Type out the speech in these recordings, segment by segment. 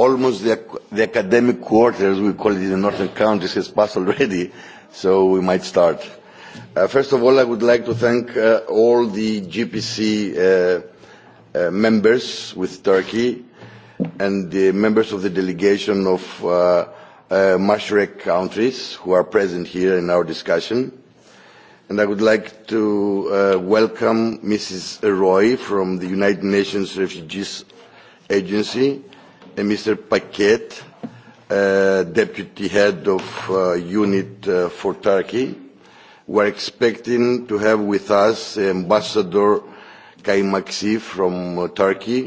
almost the, the academic quarter, as we call it in the northern counties, has passed already, so we might start. Uh, first of all, I would like to thank uh, all the GPC uh, uh, members with Turkey and the members of the delegation of uh, uh, Mashrek countries who are present here in our discussion. And I would like to uh, welcome Mrs. Roy from the United Nations Refugees Agency, Eh, Mr. Paquet, uh, Deputy Head of uh, Unit uh, for Turkey. We're expecting to have with us Ambassador Kaimaksi from Turkey,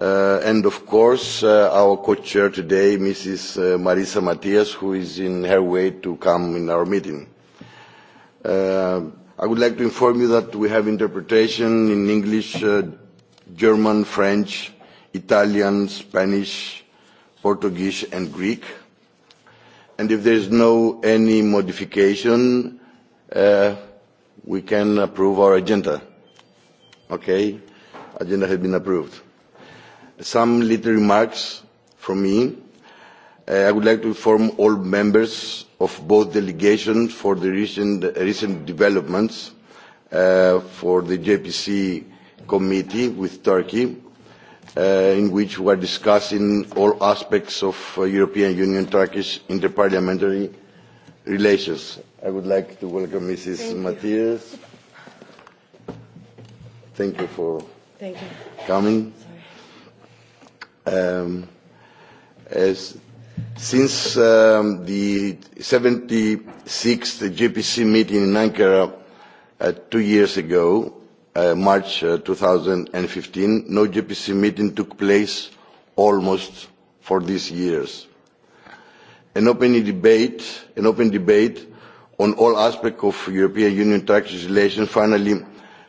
Uh, and of course uh, our co chair today mrs marisa matias who is in her way to come in our meeting. Uh, i would like to inform you that we have interpretation in english german french Italian, Spanish, Portuguese and Greek. And if there is no any modification, uh, we can approve our agenda. Okay, agenda has been approved. Some little remarks from me. Uh, I would like to inform all members of both delegations for the recent, developments uh, for the JPC committee with Turkey Uh, in which we are discussing all aspects of uh, European Union Turkish interparliamentary relations. I would like to welcome Mrs. Thank Matthias. You. Thank you for Thank you. coming. Um, as, since um, the 76th GPC meeting in Ankara uh, two years ago, uh, March uh, 2015, no GPC meeting took place almost for these years. An open debate, an open debate on all aspects of European Union tax legislation finally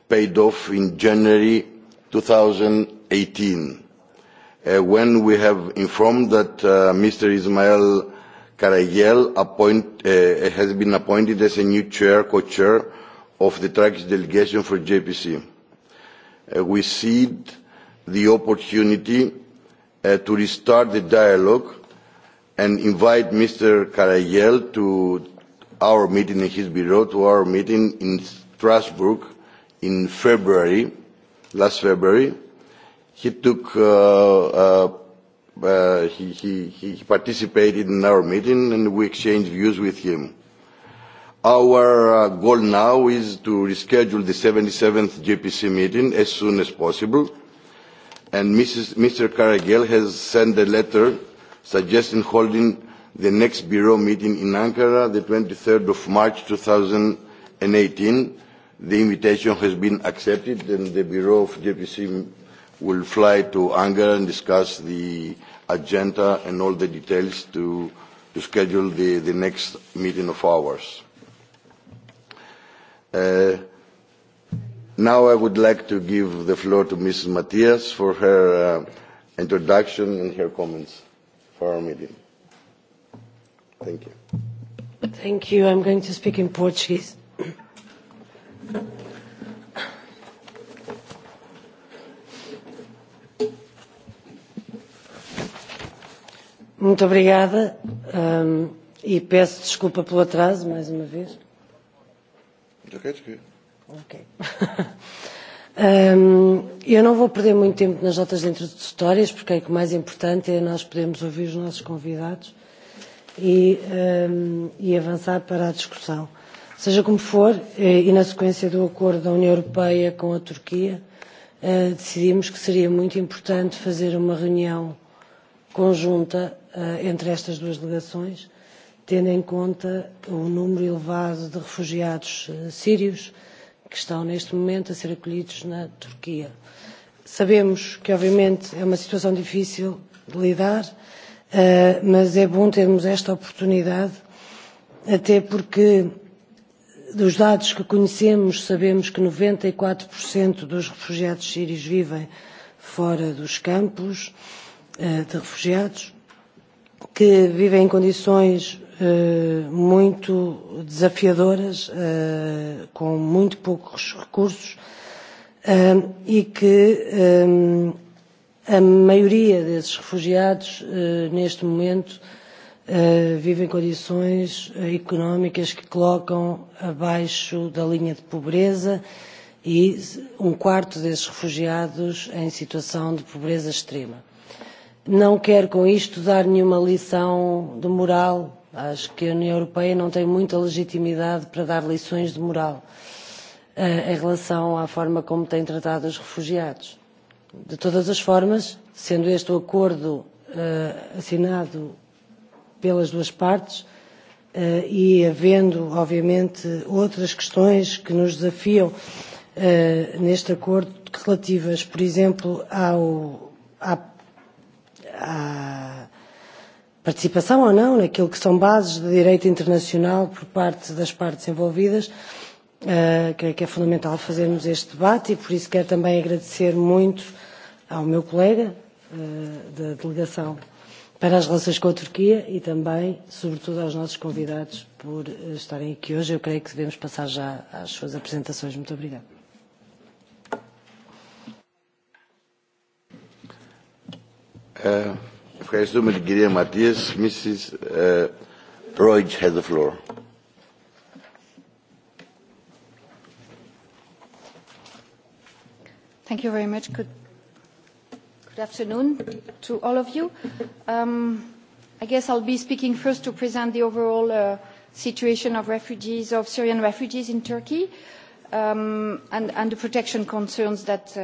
paid off in January 2018, uh, when we have informed that uh, Mr. Ismail Karayel appoint, uh, has been appointed as a new chair, co-chair of the Turkish delegation for JPC. Uh, we see the opportunity uh, to restart the dialogue and invite Mr. Karayel to our meeting in his bureau, to our meeting in Strasbourg in February, last February. He took, uh, he, he, he participated in our meeting and we exchanged views with him. Our uh, goal now is to reschedule the 77th GPC meeting as soon as possible, and Mr. Karagel has sent a letter suggesting holding the next Bureau meeting in Ankara, the 23rd of March 2018. The invitation has been accepted, and the Bureau of GPC will fly to Ankara and discuss the agenda and all the details to, schedule the next meeting of ours. Uh, now I would like to give the floor to Mrs. Matias for her uh, introduction and her comments for our meeting. Thank you. Thank you. I'm going to speak in Portuguese. Muito obrigada um, e peço desculpa pelo atraso mais uma vez. Okay. um, eu não vou perder muito tempo nas notas introdutórias, porque é que o mais importante é nós podermos ouvir os nossos convidados e, um, e avançar para a discussão. Seja como for, eh, e na sequência do acordo da União Europeia com a Turquia, uh, decidimos que seria muito importante fazer uma reunião conjunta uh, entre estas duas delegações tendo em conta o número elevado de refugiados eh, sírios que estão neste momento a ser acolhidos na Turquia. Sabemos que, obviamente, é uma situação difícil de lidar, eh, mas é bom termos esta oportunidade, até porque dos dados que conhecemos, sabemos que 94% e dos refugiados sírios vivem fora dos campos eh, de refugiados, que vivem em condições Eh, muito desafiadoras, eh, com muito poucos recursos eh, e que a maioria desses refugiados neste momento vivem condições económicas que colocam abaixo da linha de pobreza e um quarto desses refugiados em situação de pobreza extrema. Não quero com isto dar nenhuma lição de moral Acho que a União Europeia não tem muita legitimidade para dar lições de moral eh, em relação à forma como tem tratado os refugiados. De todas as formas, sendo este o acordo eh, assinado pelas duas partes eh, e havendo, obviamente, outras questões que nos desafiam neste acordo relativas, por exemplo, ao, à, à participação ou não naquilo que são bases de direito internacional por parte das partes envolvidas. Uh, creio que é fundamental fazermos este debate e por isso quero também agradecer muito ao meu colega uh, da delegação para as relações com a Turquia e também, sobretudo, aos nossos convidados por eh, estarem aqui hoje. Eu creio que devemos passar já às suas apresentações. Muito obrigada. Uh, Ευχαριστούμε την κυρία Ματίας. Mrs. Roig has the floor. Thank you very much. Good, good afternoon to all of you. Um, I guess I'll be speaking first to present the overall uh, situation of refugees, of Syrian refugees in Turkey, um, and, and the protection concerns that, uh,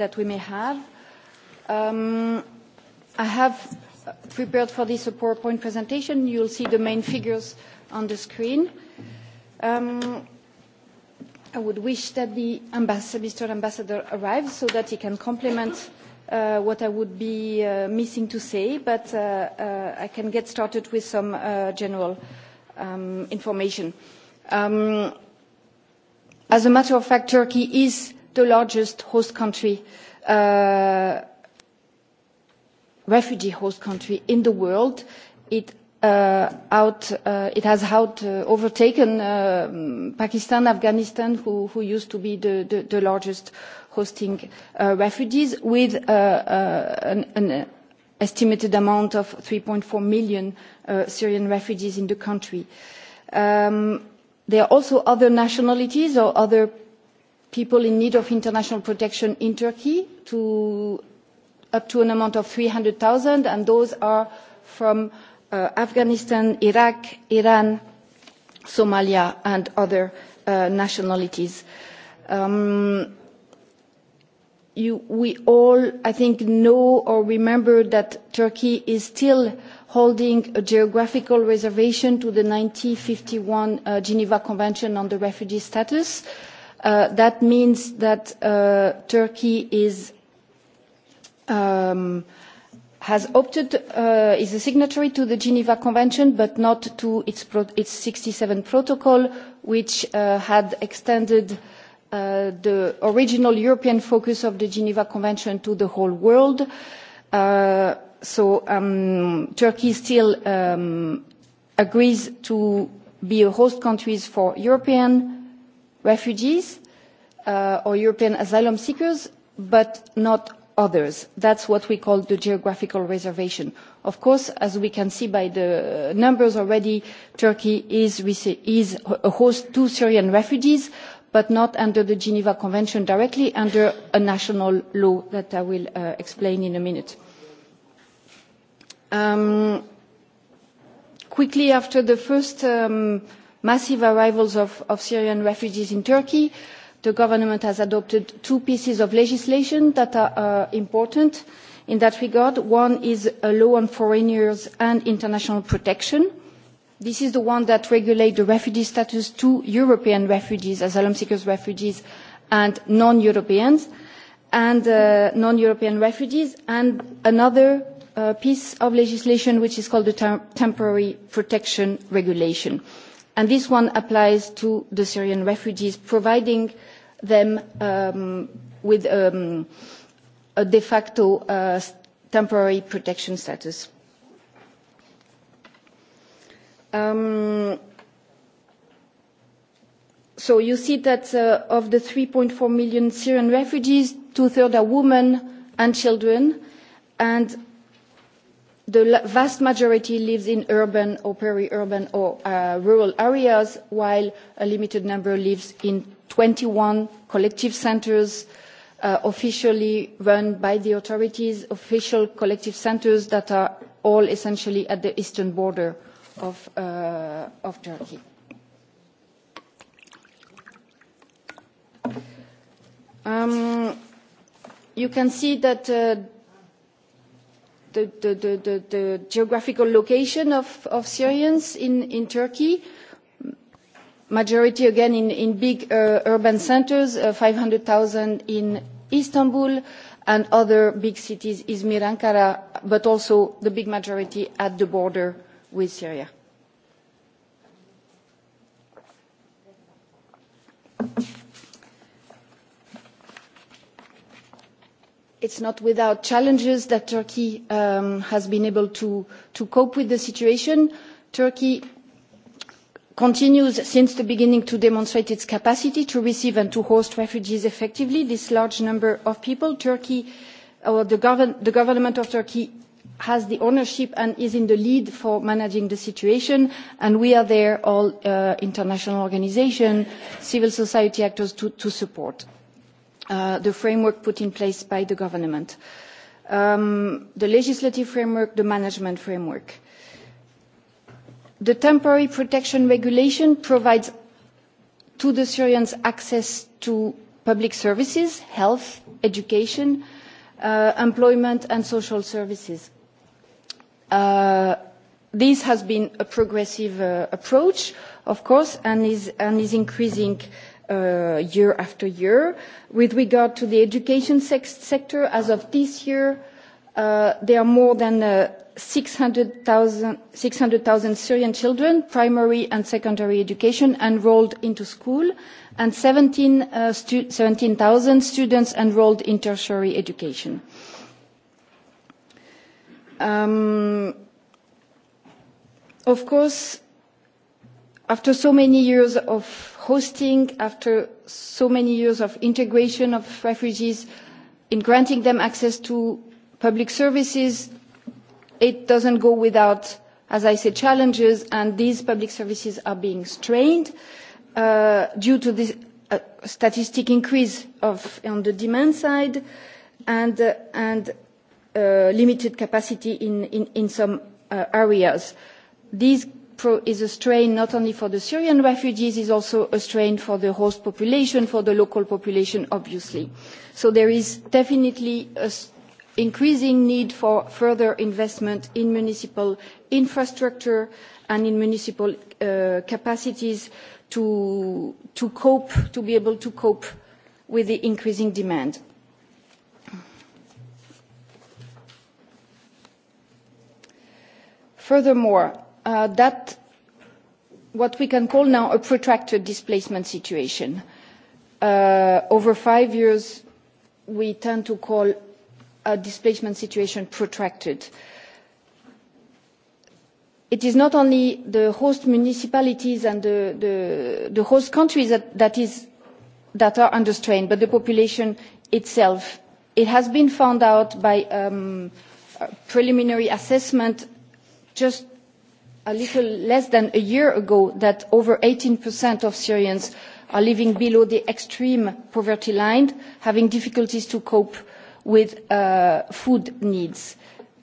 that we may have. Um, i have uh, prepared for this a PowerPoint presentation. You'll see the main figures on the screen. Um, I would wish that the ambassador, Mr. Ambassador arrives so that he can complement uh, what I would be uh, missing to say, but I can get started with some general um, information. Um, as a matter of fact, Turkey is the largest host country refugee host country in the world. It, uh, out, uh, it has out, uh, overtaken um, Pakistan, Afghanistan, who, who used to be the, the, largest hosting refugees, with an, an estimated amount of 3.4 million Syrian refugees in the country. Um, there are also other nationalities or other people in need of international protection in Turkey to up to an amount of 300,000, and those are from uh, Afghanistan, Iraq, Iran, Somalia, and other uh, nationalities. Um, we all, I think, know or remember that Turkey is still holding a geographical reservation to the 1951 one uh, Geneva Convention on the Refugee Status. that means that Turkey is um, has opted uh, is a signatory to the Geneva Convention but not to its, pro its 67 protocol which uh, had extended uh, the original European focus of the Geneva Convention to the whole world. Uh, so um, Turkey still um, agrees to be a host country for European refugees uh, or European asylum seekers but not others. That's what we call the geographical reservation. Of course, as we can see by the numbers already, Turkey is, is a host to Syrian refugees, but not under the Geneva Convention directly, under a national law that I will uh, explain in a minute. Um, quickly after the first um, massive arrivals of Syrian refugees in Turkey, the government has adopted two pieces of legislation that are uh, important in that regard. One is a uh, law on foreigners and international protection. This is the one that regulates the refugee status to European refugees, asylum seekers, refugees, and non-Europeans, and uh, non-European refugees, and another piece of legislation which is called the Temporary Protection Regulation. And this one applies to the Syrian refugees, providing them um, with um, a de facto uh, temporary protection status. Um, so you see that uh, of the 3.4 million Syrian refugees, two-thirds are women and children, and the vast majority lives in urban or peri-urban or uh, rural areas, while a limited number lives in twenty one collective centres uh, officially run by the authorities official collective centres that are all essentially at the eastern border of, uh, of turkey. Um, you can see that uh, the, the, the, geographical location of, of syrians in, in turkey majority again in, big uh, urban centers, uh, 500,000 in Istanbul and other big cities, Izmir, Ankara, but also the big majority at the border with Syria. It's not without challenges that Turkey um, has been able to cope with the situation. Turkey continues since the beginning to demonstrate its capacity to receive and to host refugees effectively this large number of people turkey or the, government of turkey has the ownership and is in the lead for managing the situation and we are there all uh, international organisations civil society actors to, support uh, the framework put in place by the government um, the legislative framework the management framework the temporary protection regulation provides to the syrians access to public services health education uh, employment and social services. Uh, this has been a progressive uh, approach of course and is, and is increasing year after year. with regard to the education sector as of this year there are more than 600,000 Syrian children, primary and secondary education, enrolled into school, and 17,000 uh, stu 17, students enrolled in tertiary education. Um, of course, after so many years of hosting, after so many years of integration of refugees, in granting them access to public services, it doesn't go without as i said challenges and these public services are being strained uh, due to this uh, statistic increase on the demand side and, uh, limited capacity in, in, some areas. this is a strain not only for the syrian refugees it is also a strain for the host population for the local population obviously. so there is definitely a increasing need for further investment in municipal infrastructure and in municipal uh, capacities to, to cope, to be able to cope with the increasing demand. Furthermore, uh, that what we can call now a protracted displacement situation. Uh, over five years, we tend to call a displacement situation protracted. It is not only the host municipalities and the, host countries that, is, that are under strain, but the population itself. It has been found out by um, a preliminary assessment just a little less than a year ago that over 18% of Syrians are living below the extreme poverty line, having difficulties to cope with uh, food needs.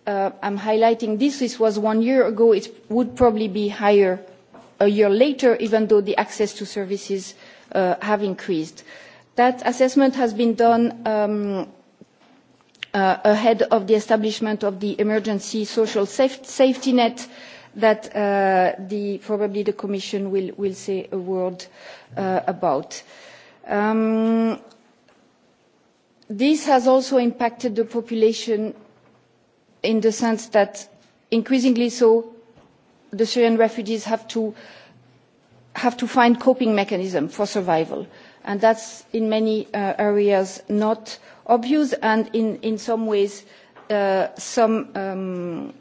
Uh, I'm highlighting this. This was one year ago. It would probably be higher a year later, even though the access to services uh, have increased. That assessment has been done um, ahead of the establishment of the emergency social safety net that the, probably the commission will, will say a word about. Um, this has also impacted the population in the sense that increasingly so the syrian refugees have to have to find coping mechanisms for survival and that's in many uh, areas not obvious and in, some ways uh, some um,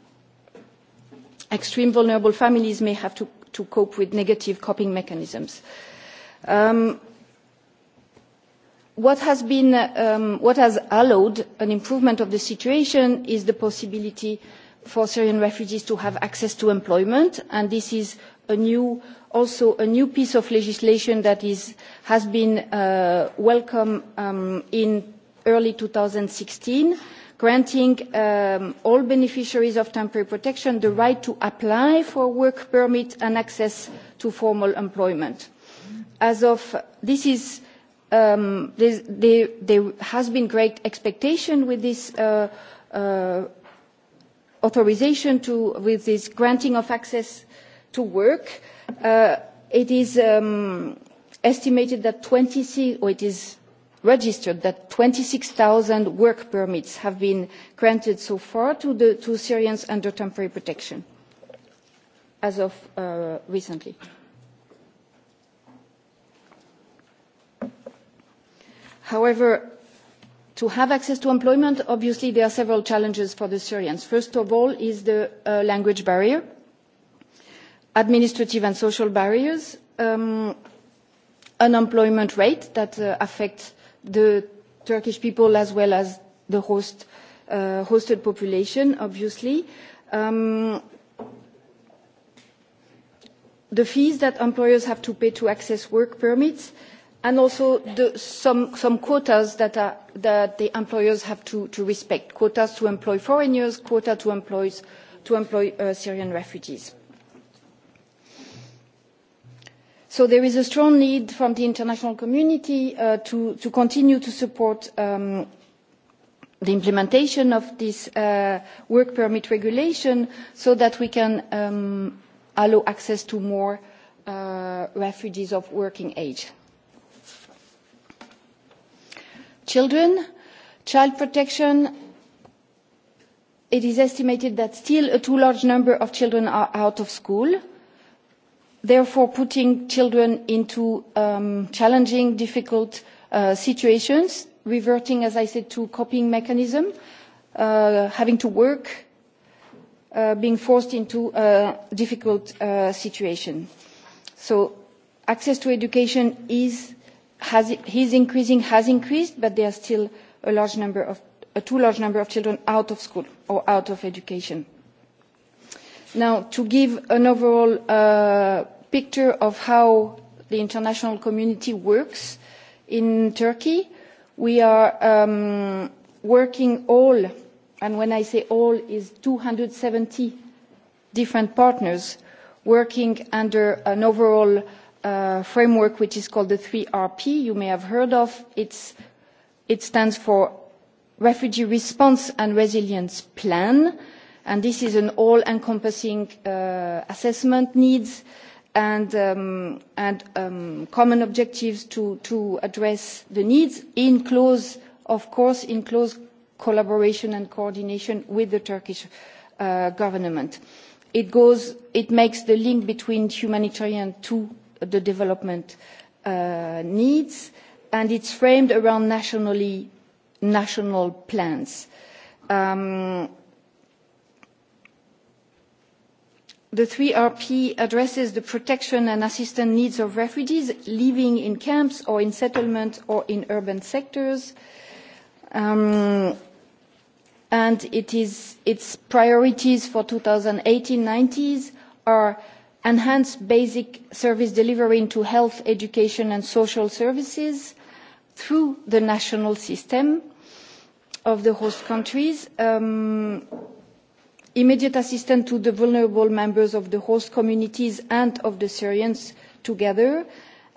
extreme vulnerable families may have to, to cope with negative coping mechanisms. Um, What has been um, what has allowed an improvement of the situation is the possibility for Syrian refugees to have access to employment, and this is a new also a new piece of legislation that is, has been uh, welcomed um, in early 2016, granting um, all beneficiaries of temporary protection the right to apply for work permit and access to formal employment. As of this is um, there, there, has been great expectation with this uh, uh, authorization to, with this granting of access to work. Uh, it is um, estimated that 26, or it is registered that 26,000 work permits have been granted so far to, the, to Syrians under temporary protection as of uh, recently. However, to have access to employment, obviously there are several challenges for the Syrians. First of all is the uh, language barrier, administrative and social barriers, um, unemployment rate that uh, affects the Turkish people as well as the host, uh, hosted population, obviously. Um, the fees that employers have to pay to access work permits and also some, some quotas that, are, that the employers have to, to respect quotas to employ foreigners quotas to, employs, to employ uh, syrian refugees. so there is a strong need from the international community uh, to, to continue to support um, the implementation of this uh, work permit regulation so that we can um, allow access to more refugees of working age. children child protection it is estimated that still a too large number of children are out of school therefore putting children into um, challenging difficult uh, situations reverting as i said to coping mechanism uh, having to work uh, being forced into a difficult uh, situation so access to education is has, his increasing has increased, but there are still a large number of a too large number of children out of school or out of education. Now, to give an overall uh, picture of how the international community works in Turkey, we are um, working all, and when I say all, is 270 different partners working under an overall Uh, framework which is called the 3RP. You may have heard of it stands for Refugee Response and Resilience Plan, and this is an all-encompassing uh, assessment needs and, um, um, common objectives to, address the needs in close, of course, in close collaboration and coordination with the Turkish uh, government. It goes, it makes the link between humanitarian to the development uh, needs and it's framed around nationally national plans. Um, the 3RP addresses the protection and assistance needs of refugees living in camps or in settlements or in urban sectors. Um, and it is, its priorities for 2018-19 are enhance basic service delivery into health education and social services through the national system of the host countries um, immediate assistance to the vulnerable members of the host communities and of the syrians together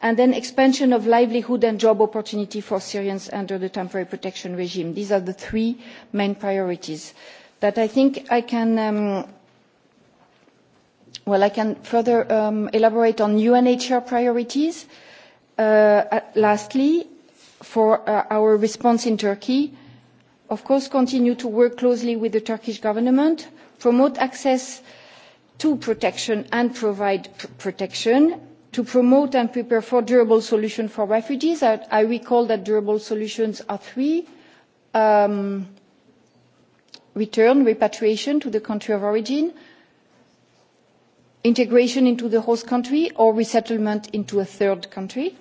and then expansion of livelihood and job opportunity for syrians under the temporary protection regime. these are the three main priorities that i think i can um, Well, I can further um, elaborate on UNHCR priorities. Uh, lastly, for uh, our response in Turkey, of course, continue to work closely with the Turkish government, promote access to protection and provide protection, to promote and prepare for durable solutions for refugees. I, I recall that durable solutions are three. Um, return, repatriation to the country of origin, integration into the host country or resettlement into a third country.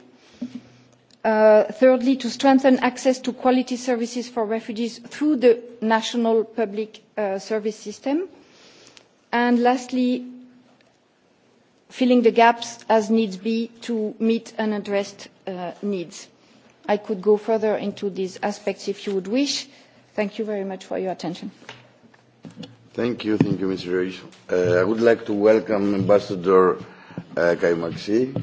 Uh, thirdly, to strengthen access to quality services for refugees through the national public uh, service system. And lastly, filling the gaps as needs be to meet unaddressed uh, needs. I could go further into these aspects if you would wish. Thank you very much for your attention. Thank you, thank you, Mr. Reis. Uh, I would like to welcome Ambassador uh, Kai Maxi,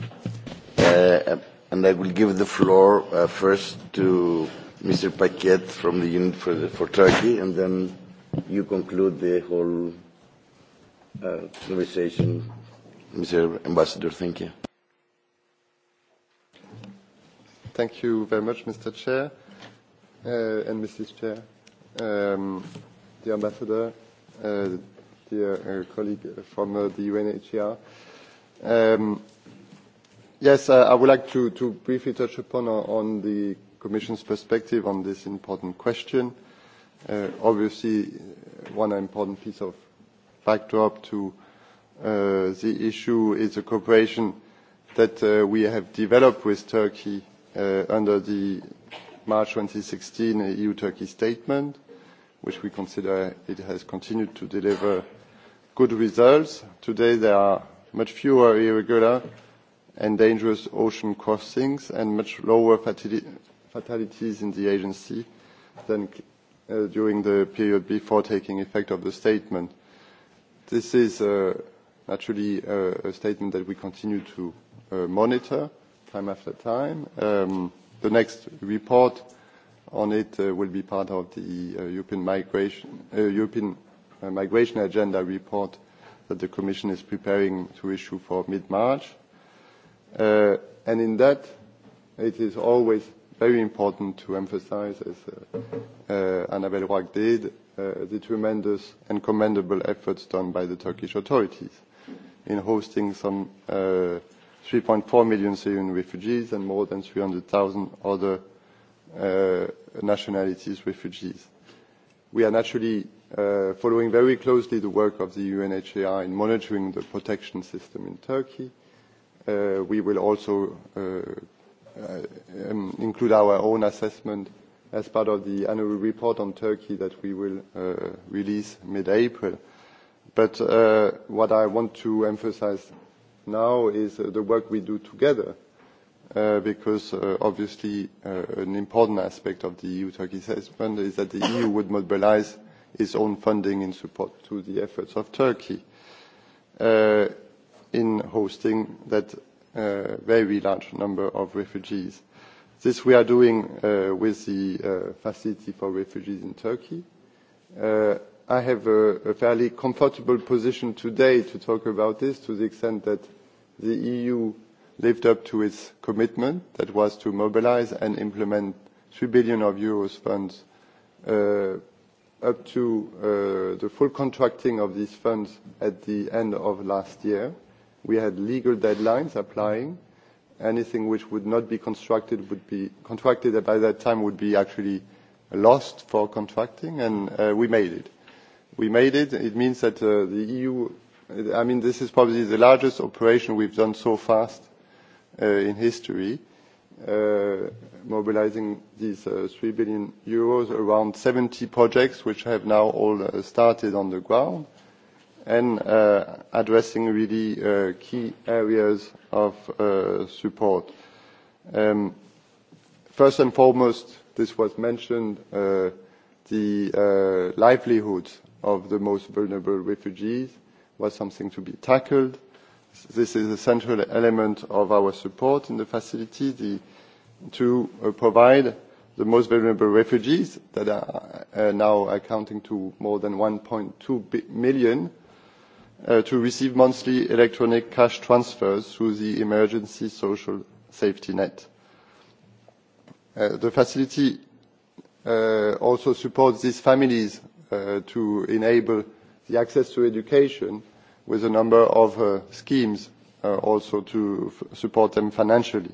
uh, and I will give the floor uh, first to Mr. Paquet from the Unit for, the, for Turkey, and then you conclude the whole uh, conversation. Mr. Ambassador, thank you. Thank you very much, Mr. Chair uh, and Mrs. Chair, um, the Ambassador, uh, dear uh, colleague from uh, the UNHCR. Um, yes, uh, I would like to, to briefly touch upon uh, on the Commission's perspective on this important question. Uh, obviously, uh, one important piece of backdrop to uh, the issue is the cooperation that uh, we have developed with Turkey uh, under the March 2016 EU-Turkey statement which we consider it has continued to deliver good results. Today, there are much fewer irregular and dangerous ocean crossings and much lower fatalities in the agency than uh, during the period before taking effect of the statement. This is uh, naturally uh, a statement that we continue to uh, monitor time after time. Um, the next report on it uh, will be part of the uh, European, migration, uh, European uh, Migration Agenda report that the Commission is preparing to issue for mid-March. Uh, and in that, it is always very important to emphasize, as uh, uh, Annabel Roig did, uh, the tremendous and commendable efforts done by the Turkish authorities in hosting some uh, 3.4 million Syrian refugees and more than 300,000 other Uh, nationalities refugees. We are naturally uh, following very closely the work of the UNHCR in monitoring the protection system in Turkey. Uh, we will also um, include our own assessment as part of the annual report on Turkey that we will release mid-April. But what I want to emphasize now is the work we do together Uh, because uh, obviously uh, an important aspect of the EU-Turkey fund is that the EU would mobilize its own funding in support to the efforts of Turkey uh, in hosting that uh, very large number of refugees. This we are doing uh, with the uh, Facility for Refugees in Turkey. Uh, I have a, a fairly comfortable position today to talk about this to the extent that the EU lived up to its commitment that was to mobilize and implement 3 billion of euros funds uh, up to uh, the full contracting of these funds at the end of last year. We had legal deadlines applying. Anything which would not be constructed would be contracted by that time would be actually lost for contracting, and uh, we made it. We made it. It means that the EU, I mean, this is probably the largest operation we've done so fast uh, in history, uh, mobilizing these uh, 3 billion euros around 70 projects which have now all uh, started on the ground and uh, addressing really uh, key areas of uh, support. Um, first and foremost, this was mentioned, uh, the uh, livelihoods of the most vulnerable refugees was something to be tackled This is a central element of our support in the facility the, to uh, provide the most vulnerable refugees that are uh, now accounting to more than 1.2 million uh, to receive monthly electronic cash transfers through the emergency social safety net. Uh, the facility uh, also supports these families uh, to enable the access to education with a number of uh, schemes uh, also to support them financially.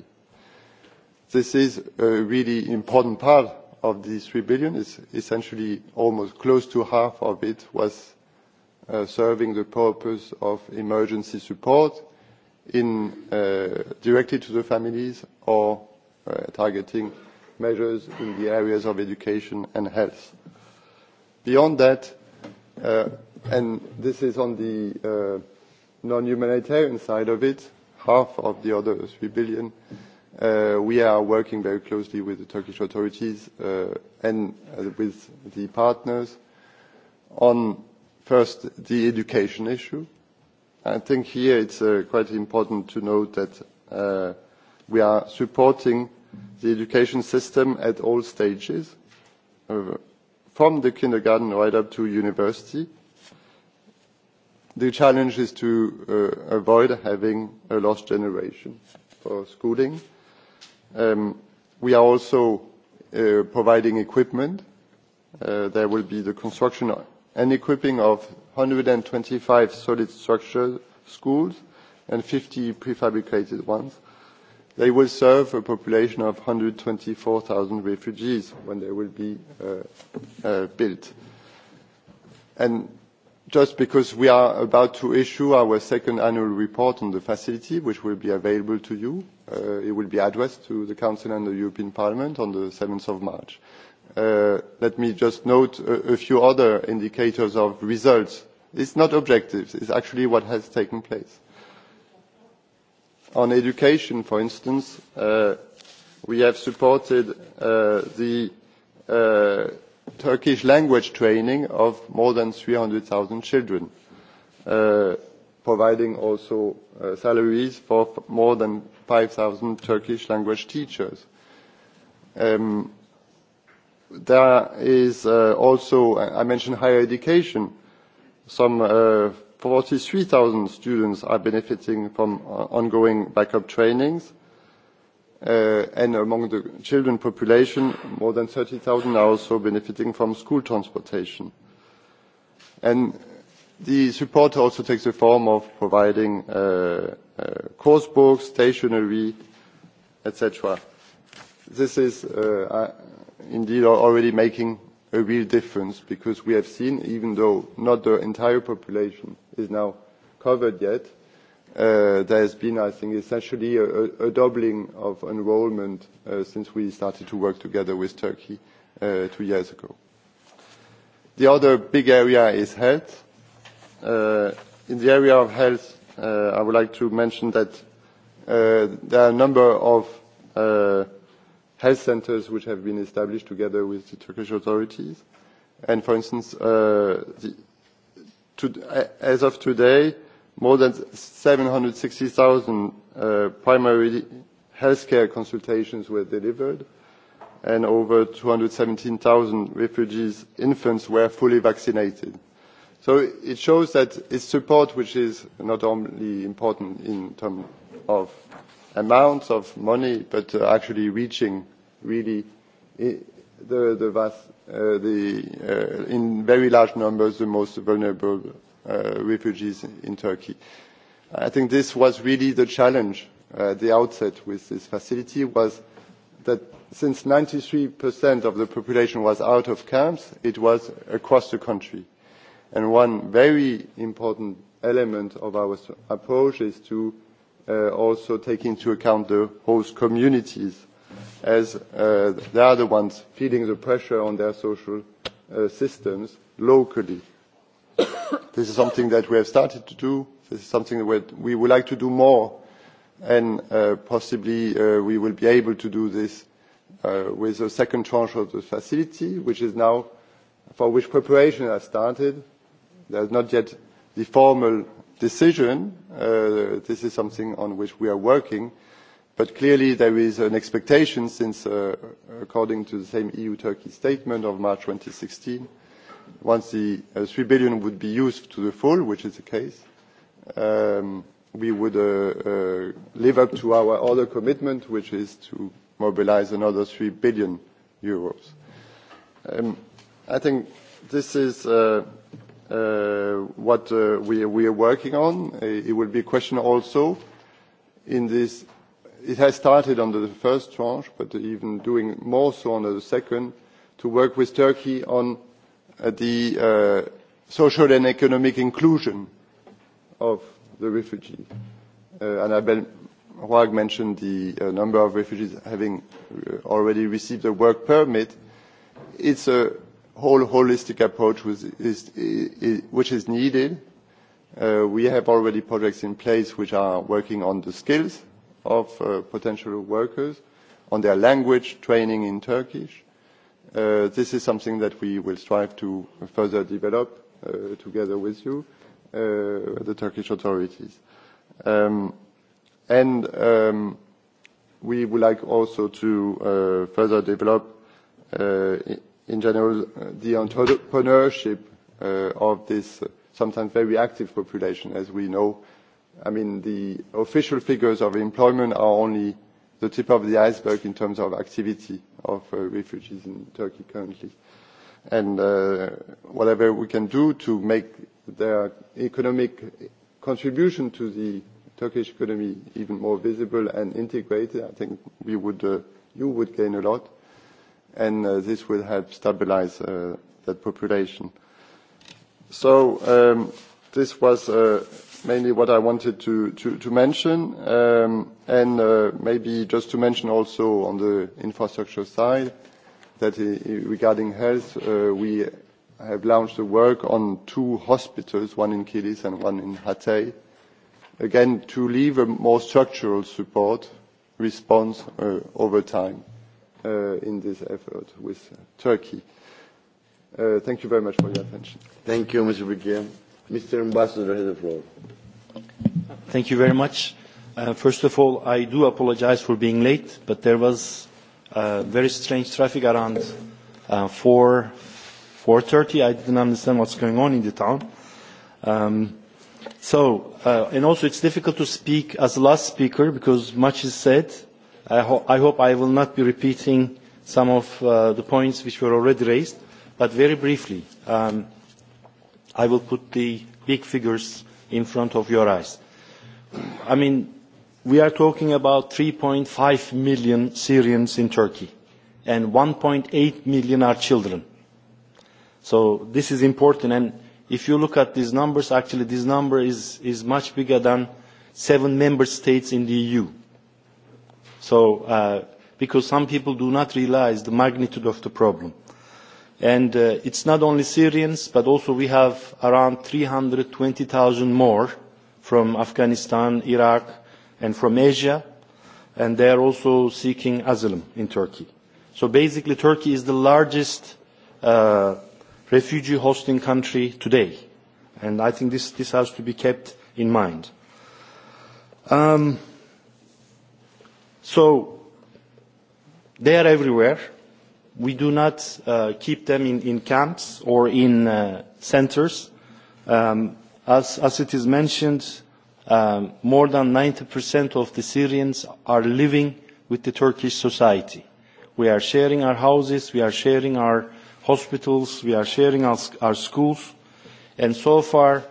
This is a really important part of the 3 billion. It's essentially almost close to half of it was uh, serving the purpose of emergency support in directly to the families or targeting measures in the areas of education and health. Beyond that, And this is on the uh, non-humanitarian side of it, half of the other three billion. Uh, we are working very closely with the Turkish authorities uh, and uh, with the partners on first the education issue. I think here it's uh, quite important to note that uh, we are supporting the education system at all stages, uh, from the kindergarten right up to university The challenge is to uh, avoid having a lost generation for schooling. Um, we are also uh, providing equipment. Uh, there will be the construction and equipping of 125 solid structure schools and 50 prefabricated ones. They will serve a population of 124,000 refugees when they will be built. And just because we are about to issue our second annual report on the facility, which will be available to you. Uh, it will be addressed to the Council and the European Parliament on the 7th of March. Uh, let me just note a, few other indicators of results. It's not objectives, it's actually what has taken place. On education, for instance, uh, we have supported the Turkish language training of more than 300,000 children, uh, providing also uh, salaries for more than 5,000 Turkish language teachers. Um, there is uh, also, I mentioned higher education, some uh, 43,000 students are benefiting from ongoing backup trainings, uh, and among the children population, more than 30,000 are also benefiting from school transportation. And the support also takes the form of providing uh, uh, course books, stationery, etc. This is uh, indeed already making a real difference because we have seen, even though not the entire population is now covered yet, Uh, there has been, I think, essentially a, a doubling of enrollment uh, since we started to work together with Turkey uh, two years ago. The other big area is health. Uh, in the area of health, uh, I would like to mention that uh, there are a number of health centers which have been established together with the Turkish authorities. And for instance, the, to, as of today, more than 760,000 uh, primary healthcare consultations were delivered, and over 217,000 refugees' infants were fully vaccinated. So it shows that it's support which is not only important in terms of amounts of money, but uh, actually reaching really the, the, vast, uh, the in very large numbers the most vulnerable Uh, refugees in Turkey. I think this was really the challenge uh, at the outset with this facility was that since 93% of the population was out of camps, it was across the country. And one very important element of our approach is to uh, also take into account the host communities as uh, they are the ones feeling the pressure on their social uh, systems locally. This is something that we have started to do. This is something that we would like to do more, and uh, possibly uh, we will be able to do this uh, with the second tranche of the facility, which is now for which preparation has started. There is not yet the formal decision. Uh, this is something on which we are working. But clearly there is an expectation since, uh, according to the same EU-Turkey statement of March 2016, once the 3 uh, billion would be used to the full, which is the case, um, we would uh, uh, live up to our other commitment, which is to mobilize another 3 billion euros. Um, I think this is what we are working on. It will be a question also in this. It has started under the first tranche, but even doing more so under the second, to work with Turkey on Uh, the uh, social and economic inclusion of the refugees. Uh, Annabel Roig mentioned the number of refugees having already received a work permit. It's a whole holistic approach which is, which is needed. Uh, we have already projects in place which are working on the skills of uh, potential workers, on their language training in Turkish, Uh, this is something that we will strive to further develop uh, together with you, uh, the Turkish authorities. Um, and um, we would like also to further develop, in general, the entrepreneurship of this sometimes very active population. As we know, I mean, the official figures of employment are only the tip of the iceberg in terms of activity of uh, refugees in Turkey currently. And uh, whatever we can do to make their economic contribution to the Turkish economy even more visible and integrated, I think we would, uh, you would gain a lot. And uh, this will help stabilize uh, that population. So um, this was a mainly what I wanted to, to, to mention. Um, and uh, maybe just to mention also on the infrastructure side that regarding health, uh, we have launched the work on two hospitals, one in Kilis and one in Hatay, again, to leave a more structural support response uh, over time in this effort with Turkey. thank you very much for your attention. Thank you, Mr. Mr. Ambassador has the floor. Thank you very much. Uh, first of all, I do apologize for being late, but there was uh, very strange traffic around uh, 4, 4.30. I didn't understand what's going on in the town. Um, so, uh, and also it's difficult to speak as the last speaker because much is said. I, ho I hope I will not be repeating some of uh, the points which were already raised, but very briefly. Um, i will put the big figures in front of your eyes. I mean, we are talking about 3.5 million Syrians in Turkey, and 1.8 million are children. So this is important, and if you look at these numbers, actually this number is, much bigger than seven member states in the EU. So, uh, because some people do not realize the magnitude of the problem and uh, it's not only syrians but also we have around 320000 more from afghanistan iraq and from asia and they are also seeking asylum in turkey so basically turkey is the largest uh, refugee hosting country today and i think this this has to be kept in mind um so they are everywhere we do not uh, keep them in, camps or in uh, centers. Um, as, as it is mentioned, um, more than 90% of the Syrians are living with the Turkish society. We are sharing our houses, we are sharing our hospitals, we are sharing our, schools. And so far,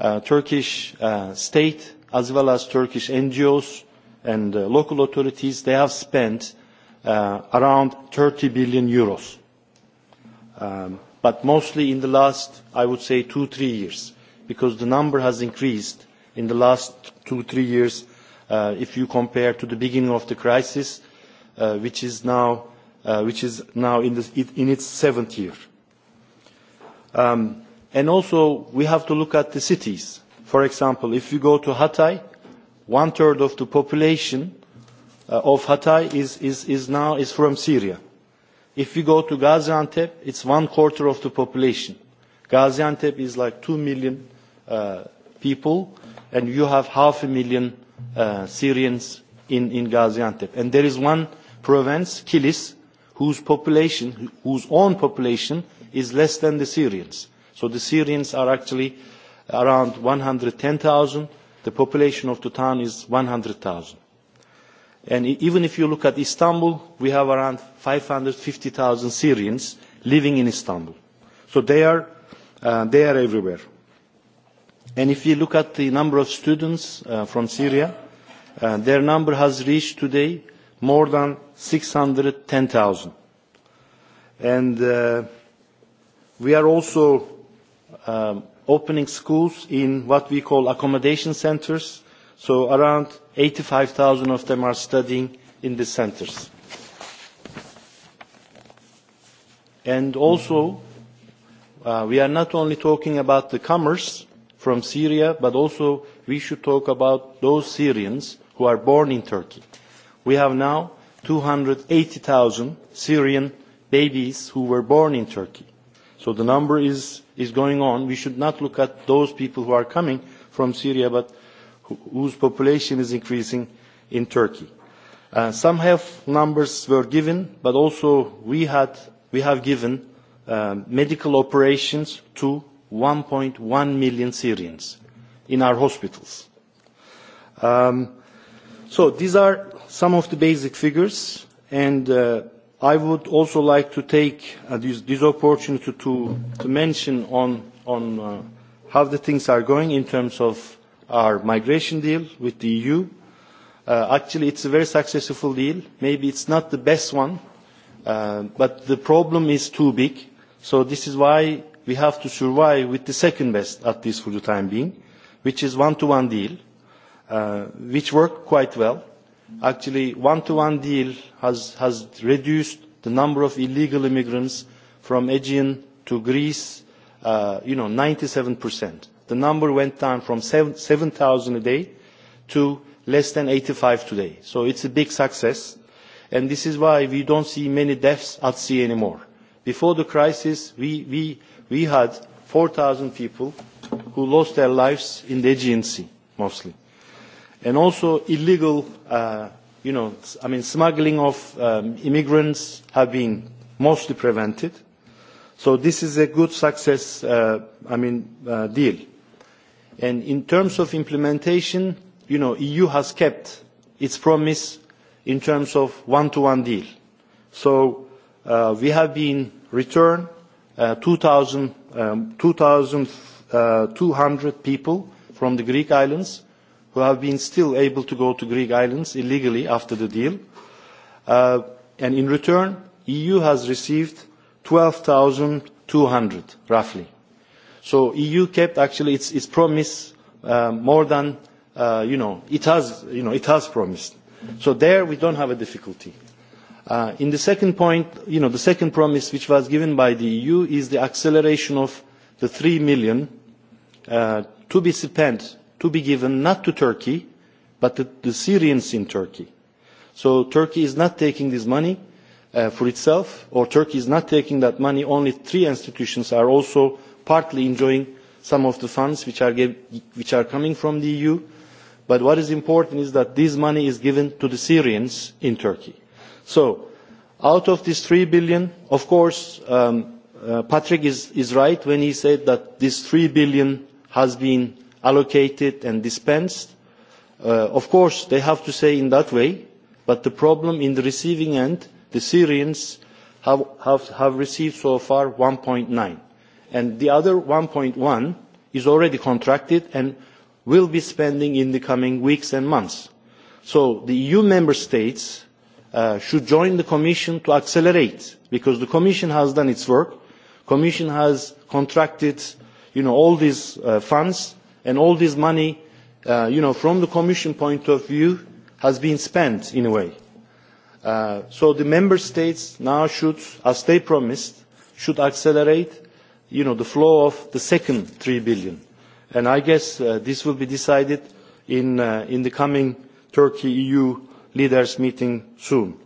uh, Turkish state as well as Turkish NGOs and local authorities, they have spent Uh, around around 30 billion euros um, but mostly in the last i would say two three years because the number has increased in the last two three years uh, if you compare to the beginning of the crisis uh, which is now which is now in, its seventh year um, and also we have to look at the cities for example if you go to hatay one third of the population Uh, of Hatay is, is, is now is from Syria. If we go to Gaziantep, it's one quarter of the population. Gaziantep is like two million uh, people, and you have half a million uh, Syrians in, in Gaziantep. And there is one province, Kilis, whose population, whose own population is less than the Syrians. So the Syrians are actually around 110,000. The population of the town is 100,000 and e-, even if you look at istanbul we have around 550000 syrians living in istanbul so they are uh, they are everywhere and if you look at the number of students uh, from syria uh, their number has reached today more than 610000 and uh, we are also um, opening schools in what we call accommodation centers so around eighty five 85,000 of them are studying in the centers. And also, uh, we are not only talking about the comers from Syria, but also we should talk about those Syrians who are born in Turkey. We have now 280,000 Syrian babies who were born in Turkey. So the number is, is going on. We should not look at those people who are coming from Syria, but whose population is increasing in turkey. Uh, some health numbers were given but also we, had, we have given um, medical operations to 1.1 million syrians in our hospitals. Um, so these are some of the basic figures and uh, i would also like to take uh, this, this opportunity to, to mention on, on uh, how the things are going in terms of our migration deal with the EU. Uh, actually, it's a very successful deal. Maybe it's not the best one, uh, but the problem is too big. So this is why we have to survive with the second best, at least for the time being, which is one-to-one deal, uh, which worked quite well. Actually, one-to-one deal has, reduced the number of illegal immigrants from Aegean to Greece, uh, you know, 97 percent the number went down from 7,000 a day to less than 85 today. So it's a big success. And this is why we don't see many deaths at sea anymore. Before the crisis, we, we, we had 4,000 people who lost their lives in the Aegean Sea, mostly. And also illegal, uh, you know, I mean, smuggling of um, immigrants have been mostly prevented. So this is a good success, uh, I mean, uh, deal. And in terms of implementation, you know, EU has kept its promise in terms of one-to-one deal. So uh, we have been returned uh, 2,000 2,200 um, people from the Greek islands who have been still able to go to Greek islands illegally after the deal. Uh, and in return, EU has received 12,200 roughly so eu kept actually its promise um, more than uh, you know it has you know it has promised so there we don't have a difficulty uh, in the second point you know the second promise which was given by the eu is the acceleration of the 3 million uh, to be spent to be given not to turkey but to the syrians in turkey so turkey is not taking this money for itself or turkey is not taking that money only three institutions are also partly enjoying some of the funds which are, give, which are coming from the eu but what is important is that this money is given to the syrians in turkey. so out of this 3 billion of course um, uh, patrick is, is right when he said that this 3 billion has been allocated and dispensed. Uh, of course they have to say in that way but the problem in the receiving end the syrians have, have, received so far. 1.9 and the other 1.1 is already contracted and will be spending in the coming weeks and months. So the EU member states uh, should join the Commission to accelerate, because the Commission has done its work. The Commission has contracted all these uh, funds and all this money uh, from the Commission point of view has been spent in a way. so the member states now should, as they promised, should accelerate you know, the flow of the second 3 billion. And I guess uh, this will be decided in, uh, in the coming Turkey-EU leaders meeting soon.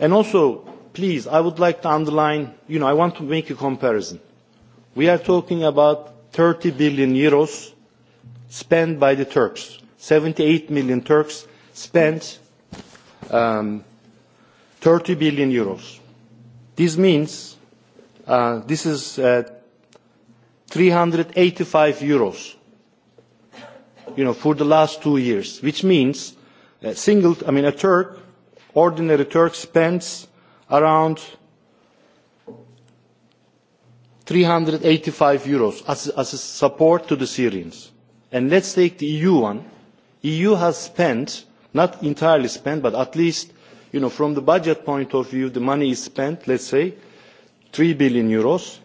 And also, please, I would like to underline, you know, I want to make a comparison. We are talking about 30 billion euros spent by the Turks. 78 million Turks spent um, 30 billion euros. This means uh, this is 385 and you know for the last two years which means a uh, single i mean a turk ordinary turk spends around 385 euros as as a support to the syrians and let's take the eu one eu has spent not entirely spent but at least you know from the budget point of view the money is spent let's say 3 billion euros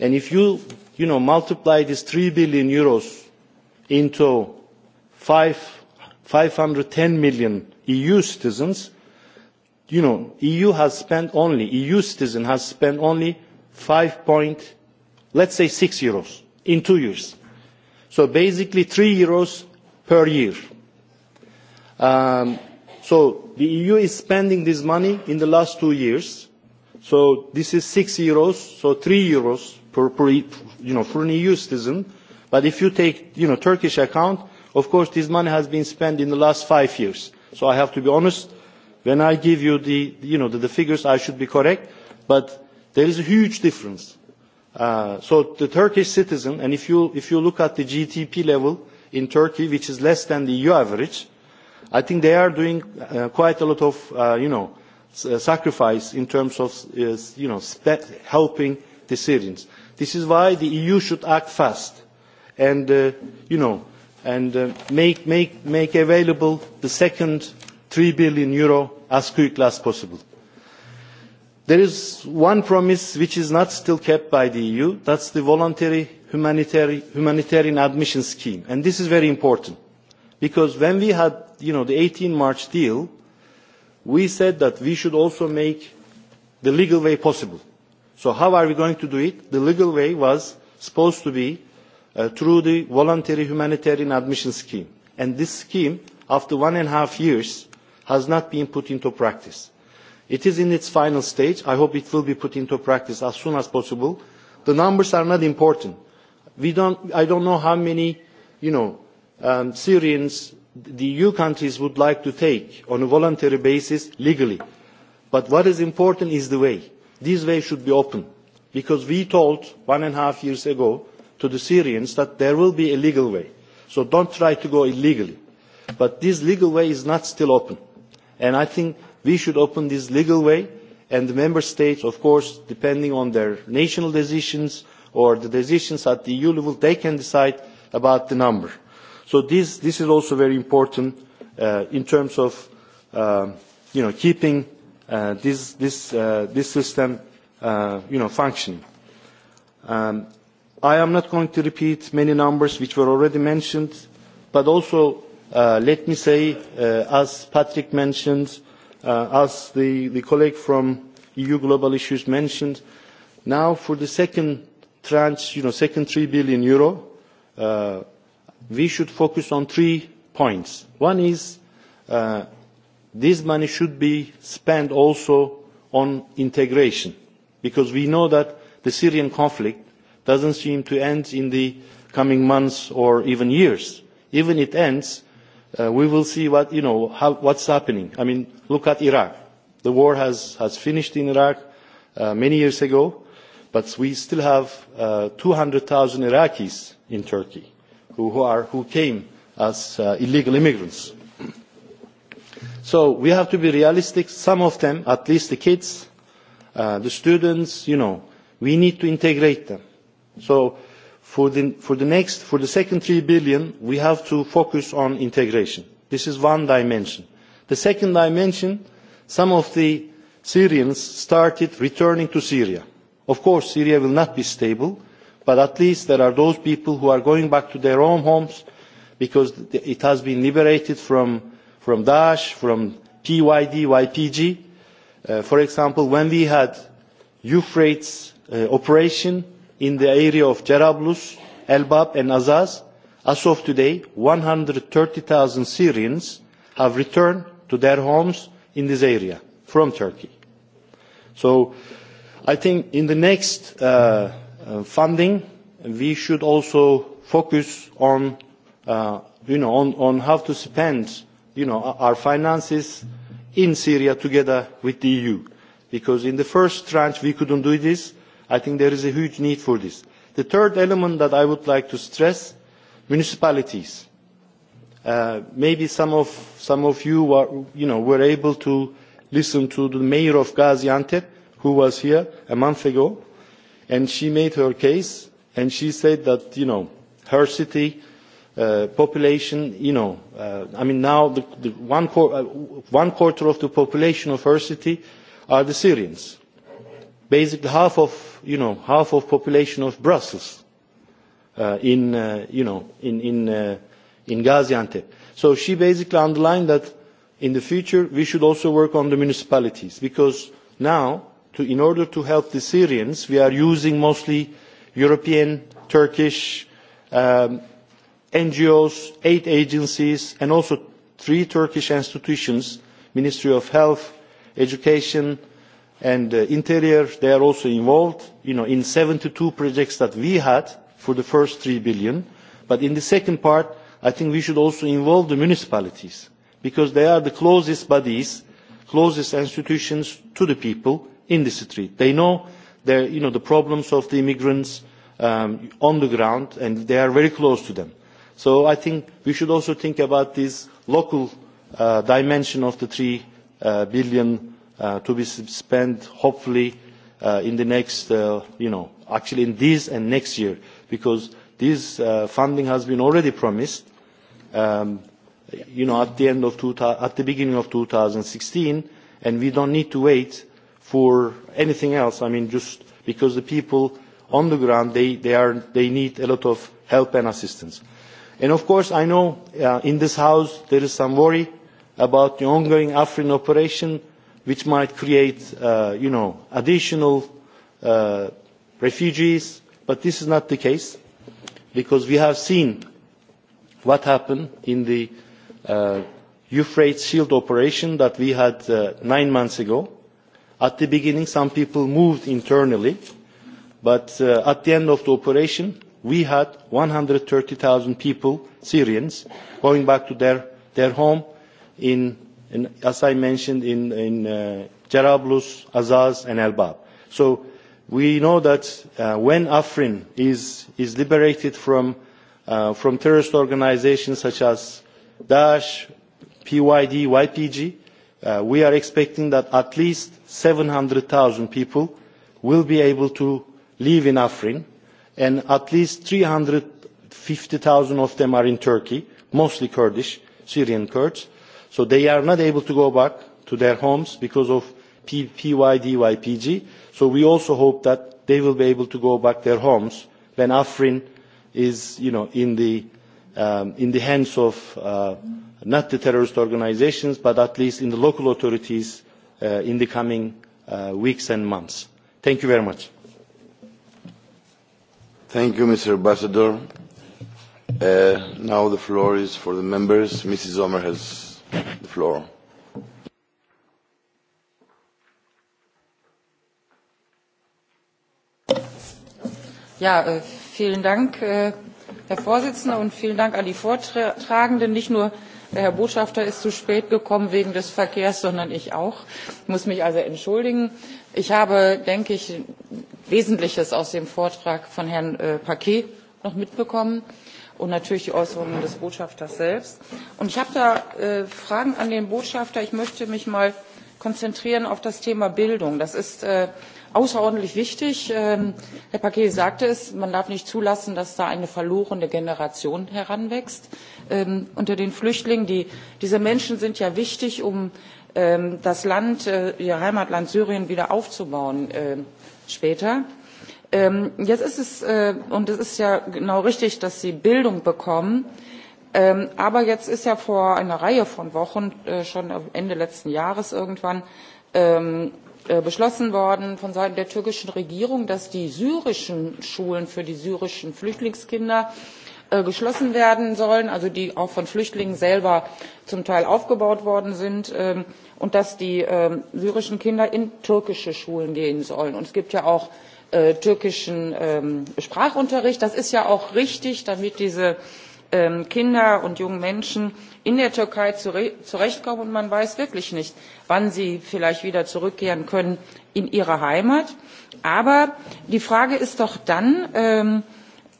And if you, you know, multiply this 3 billion euros into 5, 510 million EU citizens, you know, EU has spent only, EU citizen has spent only 5 point, let's say six euros in two years. So basically three euros per year. Um, so the EU is spending this money in the last two years. So this is six euros, so three euros for, you know, for an EU citizen. But if you take, you know, Turkish account, of course, this money has been spent in the last five years. So I have to be honest, when I give you the, you know, the, the figures, I should be correct, but there is a huge difference. Uh, so the Turkish citizen, and if you, if you look at the GDP level in Turkey, which is less than the EU average, I think they are doing uh, quite a lot of, uh, you know, uh, sacrifice in terms of, uh, you know, helping the Syrians. This is why the EU should act fast and, uh, you know, uh, make, available the second EUR three billion as quickly as possible. There is one promise which is not still kept by the EU, is the voluntary humanitarian, admission scheme. And this is very important because when we had the 18 March deal, we said that we should also make the legal way possible So how are we going to do it? The legal way was supposed to be uh, through the voluntary humanitarian admission scheme. And this scheme, after one and a half years, has not been put into practice. It is in its final stage. I hope it will be put into practice as soon as possible. The numbers are not important. We don't, I don't know how many you know, um, Syrians the EU countries would like to take on a voluntary basis legally. But what is important is the way This way should be open because we told one and a half years ago to the Syrians that there will be a legal way. So don't try to go illegally. But this legal way is not still open. And I think we should open this legal way and the member states, of course, depending on their national decisions or the decisions at the EU level, they can decide about the number. So this, is also very important uh, in terms of uh, keeping uh, this, this, uh, this system uh, you know, functioning. Um, I am not going to repeat many numbers which were already mentioned, but also uh, let me say, uh, as Patrick mentioned, uh, as the, the colleague from EU Global Issues mentioned, now for the second tranche, you know, second billion euro, uh, we should focus on three points. One is uh, this money should be spent also on integration because we know that the syrian conflict doesn't seem to end in the coming months or even years even if it ends uh, we will see what you know happening i mean look at iraq the war has has finished in iraq uh, many years ago but we still have uh, 200,000 iraqis in turkey who, who are who came as uh, illegal immigrants so we have to be realistic some of them at least the kids uh, the students you know we need to integrate them so for the for the next for the second 3 billion we have to focus on integration this is one dimension the second dimension some of the syrians started returning to syria of course syria will not be stable but at least there are those people who are going back to their own homes because it has been liberated from from Daesh, from PYD, YPG. Uh, for example, when we had Euphrates uh, operation in the area of Jarablus, Elbab and Azaz, as of today, 130,000 Syrians have returned to their homes in this area from Turkey. So I think in the next uh, uh funding, we should also focus on, uh, you know, on, on how to spend you know, our finances in Syria together with the EU. Because in the first tranche we couldn't do this. I think there is a huge need for this. The third element that I would like to stress, municipalities. Uh, maybe some of, some of you, were, you know, were able to listen to the mayor of Gaziantep, who was here a month ago, and she made her case, and she said that, you know, her city Uh, population, you know, uh, I mean now the, the one, uh, one quarter of the population of her city are the Syrians. Basically half of, you know, half of population of Brussels uh, in, you know, in, in, in Gaziantep. So she basically underlined that in the future we should also work on the municipalities because now to, in order to help the Syrians we are using mostly European, Turkish, um, ngos aid agencies and also three turkish institutions the ministry of health education and the uh, interior they are also involved in seventy two projects that we had for the first three billion but in the second part i think we should also involve the municipalities because they are the closest bodies closest institutions to the people in the street. they know, the problems of the immigrants um, on the ground and they are very close to them so i think we should also think about this local uh, dimension of the 3 uh, billion uh, to be spent hopefully uh, in the next uh, you know actually in this and next year because this uh, funding has been already promised um, you know at the end of at the beginning of 2016 and we don't need to wait for anything else i mean just because the people on the ground they they are they need a lot of help and assistance And of course, I know uh, in this House there is some worry about the ongoing Afrin operation, which might create, uh, additional uh, refugees. But this is not the case, because we have seen what happened in the Euphrates Shield operation that we had nine months ago. At the beginning, some people moved internally, but at the end of the operation, we had 130,000 people, Syrians, going back to their, their home in, as I mentioned, in, in uh, Jarablus, Azaz, and Bab. So we know that uh, when Afrin is, is liberated from, uh, from terrorist organizations such as Daesh, PYD, YPG, we are expecting that at least 700,000 people will be able to live in Afrin and at least three hundred fifty of them are in turkey mostly kurdish syrian kurds so they are not able to go back to their homes because of pydypg so we also hope that they will be able to go back to their homes when afrin is um, in the hands of uh, not the terrorist organizations but at least in the local authorities uh, in the coming uh, weeks and months thank you very much Thank you, Mr. Ambassador. Uh, now the floor is for the members. Mrs. Omer has the floor. Ja, äh, vielen Dank, äh, Herr Vorsitzender, und vielen Dank an die Vortragenden, nicht nur Der Herr Botschafter ist zu spät gekommen wegen des Verkehrs, sondern ich auch. Ich muss mich also entschuldigen. Ich habe, denke ich, Wesentliches aus dem Vortrag von Herrn äh, Paquet noch mitbekommen und natürlich die Äußerungen des Botschafters selbst. Und ich habe da äh, Fragen an den Botschafter. Ich möchte mich mal konzentrieren auf das Thema Bildung. Das ist äh, außerordentlich wichtig. Ähm, Herr Paquet sagte es, man darf nicht zulassen, dass da eine verlorene Generation heranwächst. Ähm, unter den Flüchtlingen, die, diese Menschen sind ja wichtig, um ähm, das Land, äh, ihr Heimatland Syrien wieder aufzubauen später. jetzt ist es, äh, und es ist ja genau richtig, dass sie Bildung bekommen, aber jetzt ist ja vor einer reihe von wochen äh, schon ende letzten jahres irgendwann Äh, beschlossen worden von seiten der türkischen regierung dass die syrischen schulen für die syrischen flüchtlingskinder äh, geschlossen werden sollen also die auch von flüchtlingen selber zum teil aufgebaut worden sind ähm, und dass die ähm, syrischen kinder in türkische schulen gehen sollen. und es gibt ja auch äh, türkischen ähm, sprachunterricht das ist ja auch richtig damit diese Ähm, kinder und jungen menschen in der türkei zurechtkommen und man weiß wirklich nicht wann sie vielleicht wieder zurückkehren können in ihre heimat. aber die frage ist doch dann ähm,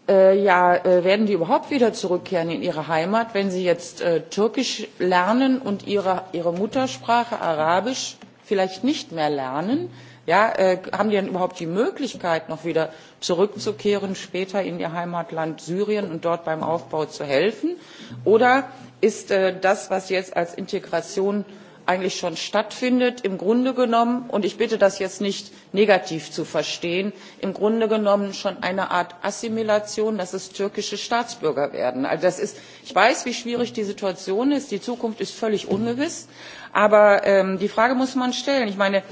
äh, ja, äh, werden die überhaupt wieder zurückkehren in ihre heimat wenn sie jetzt äh, türkisch lernen und ihre, ihre muttersprache arabisch vielleicht nicht mehr lernen? ja, äh, haben die denn überhaupt die Möglichkeit, noch wieder zurückzukehren, später in ihr Heimatland Syrien und dort beim Aufbau zu helfen? Oder ist äh, das, was jetzt als Integration eigentlich schon stattfindet, im Grunde genommen, und ich bitte das jetzt nicht negativ zu verstehen, im Grunde genommen schon eine Art Assimilation, dass es türkische Staatsbürger werden. Also das ist, ich weiß, wie schwierig die Situation ist, die Zukunft ist völlig ungewiss, aber ähm, die Frage muss man stellen. Ich meine,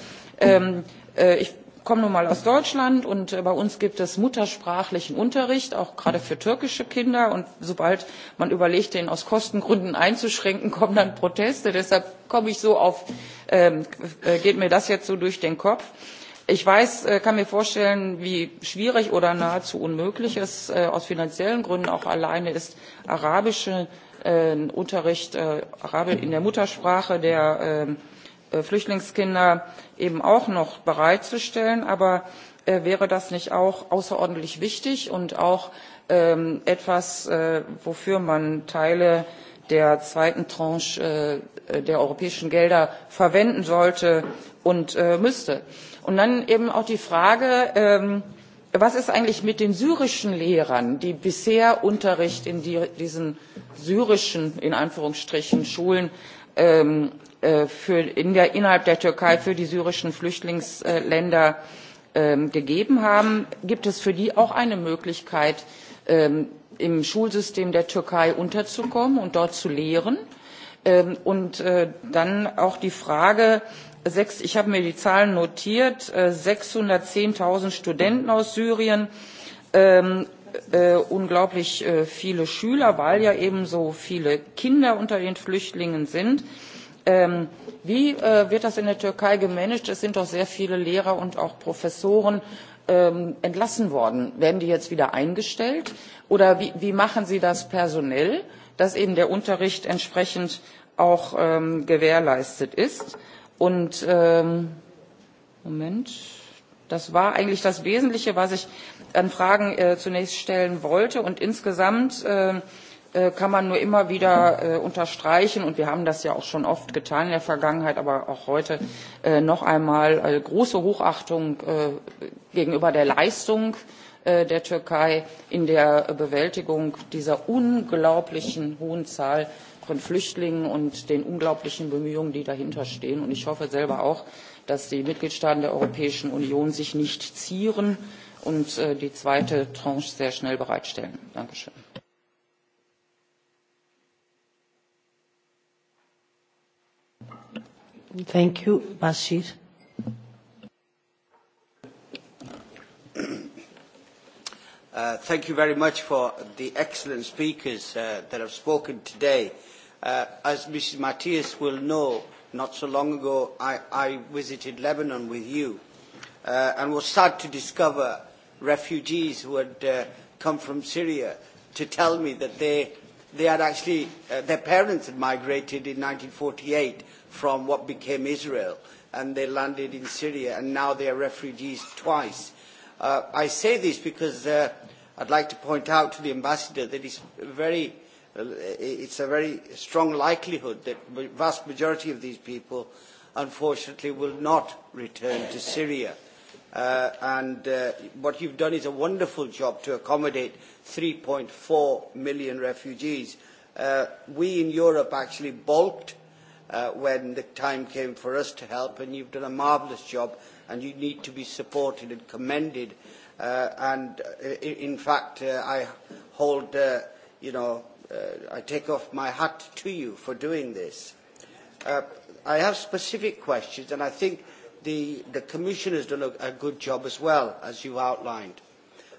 ähm, Äh, ich komme nun mal aus deutschland und äh, bei uns gibt es muttersprachlichen unterricht auch gerade für türkische kinder und sobald man überlegt den aus kostengründen einzuschränken kommen dann proteste deshalb komme ich so auf ähm, äh, geht mir das jetzt so durch den kopf. ich weiß kann mir vorstellen wie schwierig oder nahezu unmöglich es aus finanziellen gründen auch alleine ist arabischen unterricht in der muttersprache der ähm, flüchtlingskinder eben auch noch bereitzustellen aber äh, wäre das nicht auch außerordentlich wichtig und auch ähm, etwas äh, wofür man teile der zweiten tranche äh, der europäischen gelder verwenden sollte und müsste. und dann eben auch die frage ähm, was ist eigentlich mit den syrischen lehrern die bisher unterricht in diesen syrischen in anführungsstrichen schulen ähm, Äh, für in der, innerhalb der türkei für die syrischen flüchtlingsländer ähm, gegeben haben gibt es für die auch eine möglichkeit ähm, im schulsystem der türkei unterzukommen und dort zu lehren? Ähm, und äh, dann auch die frage ich habe mir die zahlen notiert äh, sechshundertzehn studenten aus syrien unglaublich viele schüler weil ja eben so viele kinder unter den flüchtlingen sind. Ähm, wie äh, wird das in der türkei gemanagt? es sind doch sehr viele lehrer und auch professoren ähm, entlassen worden. werden die jetzt wieder eingestellt oder wie, machen sie das personell dass eben der unterricht entsprechend auch ähm, gewährleistet ist? und moment das war eigentlich das wesentliche was ich an fragen äh, zunächst stellen wollte und insgesamt Äh, kann man nur immer wieder äh, unterstreichen und wir haben das ja auch schon oft getan in der Vergangenheit, aber auch heute äh, noch einmal große Hochachtung gegenüber der Leistung der Türkei in der Bewältigung dieser unglaublichen hohen Zahl von Flüchtlingen und den unglaublichen Bemühungen, die dahinter stehen. Und ich hoffe selber auch, dass die Mitgliedstaaten der Europäischen Union sich nicht zieren und die zweite Tranche sehr schnell bereitstellen. Dankeschön. Thank you, Bashir. Uh, thank you very much for the excellent speakers uh, that have spoken today. Uh, as Mrs. Matthias will know, not so long ago I, I visited Lebanon with you uh, and was sad to discover refugees who had uh, come from Syria to tell me that they, they had actually, uh, their parents had migrated in 1948 from what became Israel, and they landed in Syria, and now they are refugees twice. Uh, I say this because uh, I'd like to point out to the ambassador that it's very uh, it's a very strong likelihood that the vast majority of these people, unfortunately, will not return to Syria. Uh, and uh, what you've done is a wonderful job to accommodate 3.4 million refugees. Uh, we in Europe actually balked Uh, when the time came for us to help and you've done a marvellous job and you need to be supported and commended uh, and uh, in fact uh, I hold uh, you know uh, I take off my hat to you for doing this. Uh, I have specific questions and I think the, the Commission has done a, a good job as well as you outlined.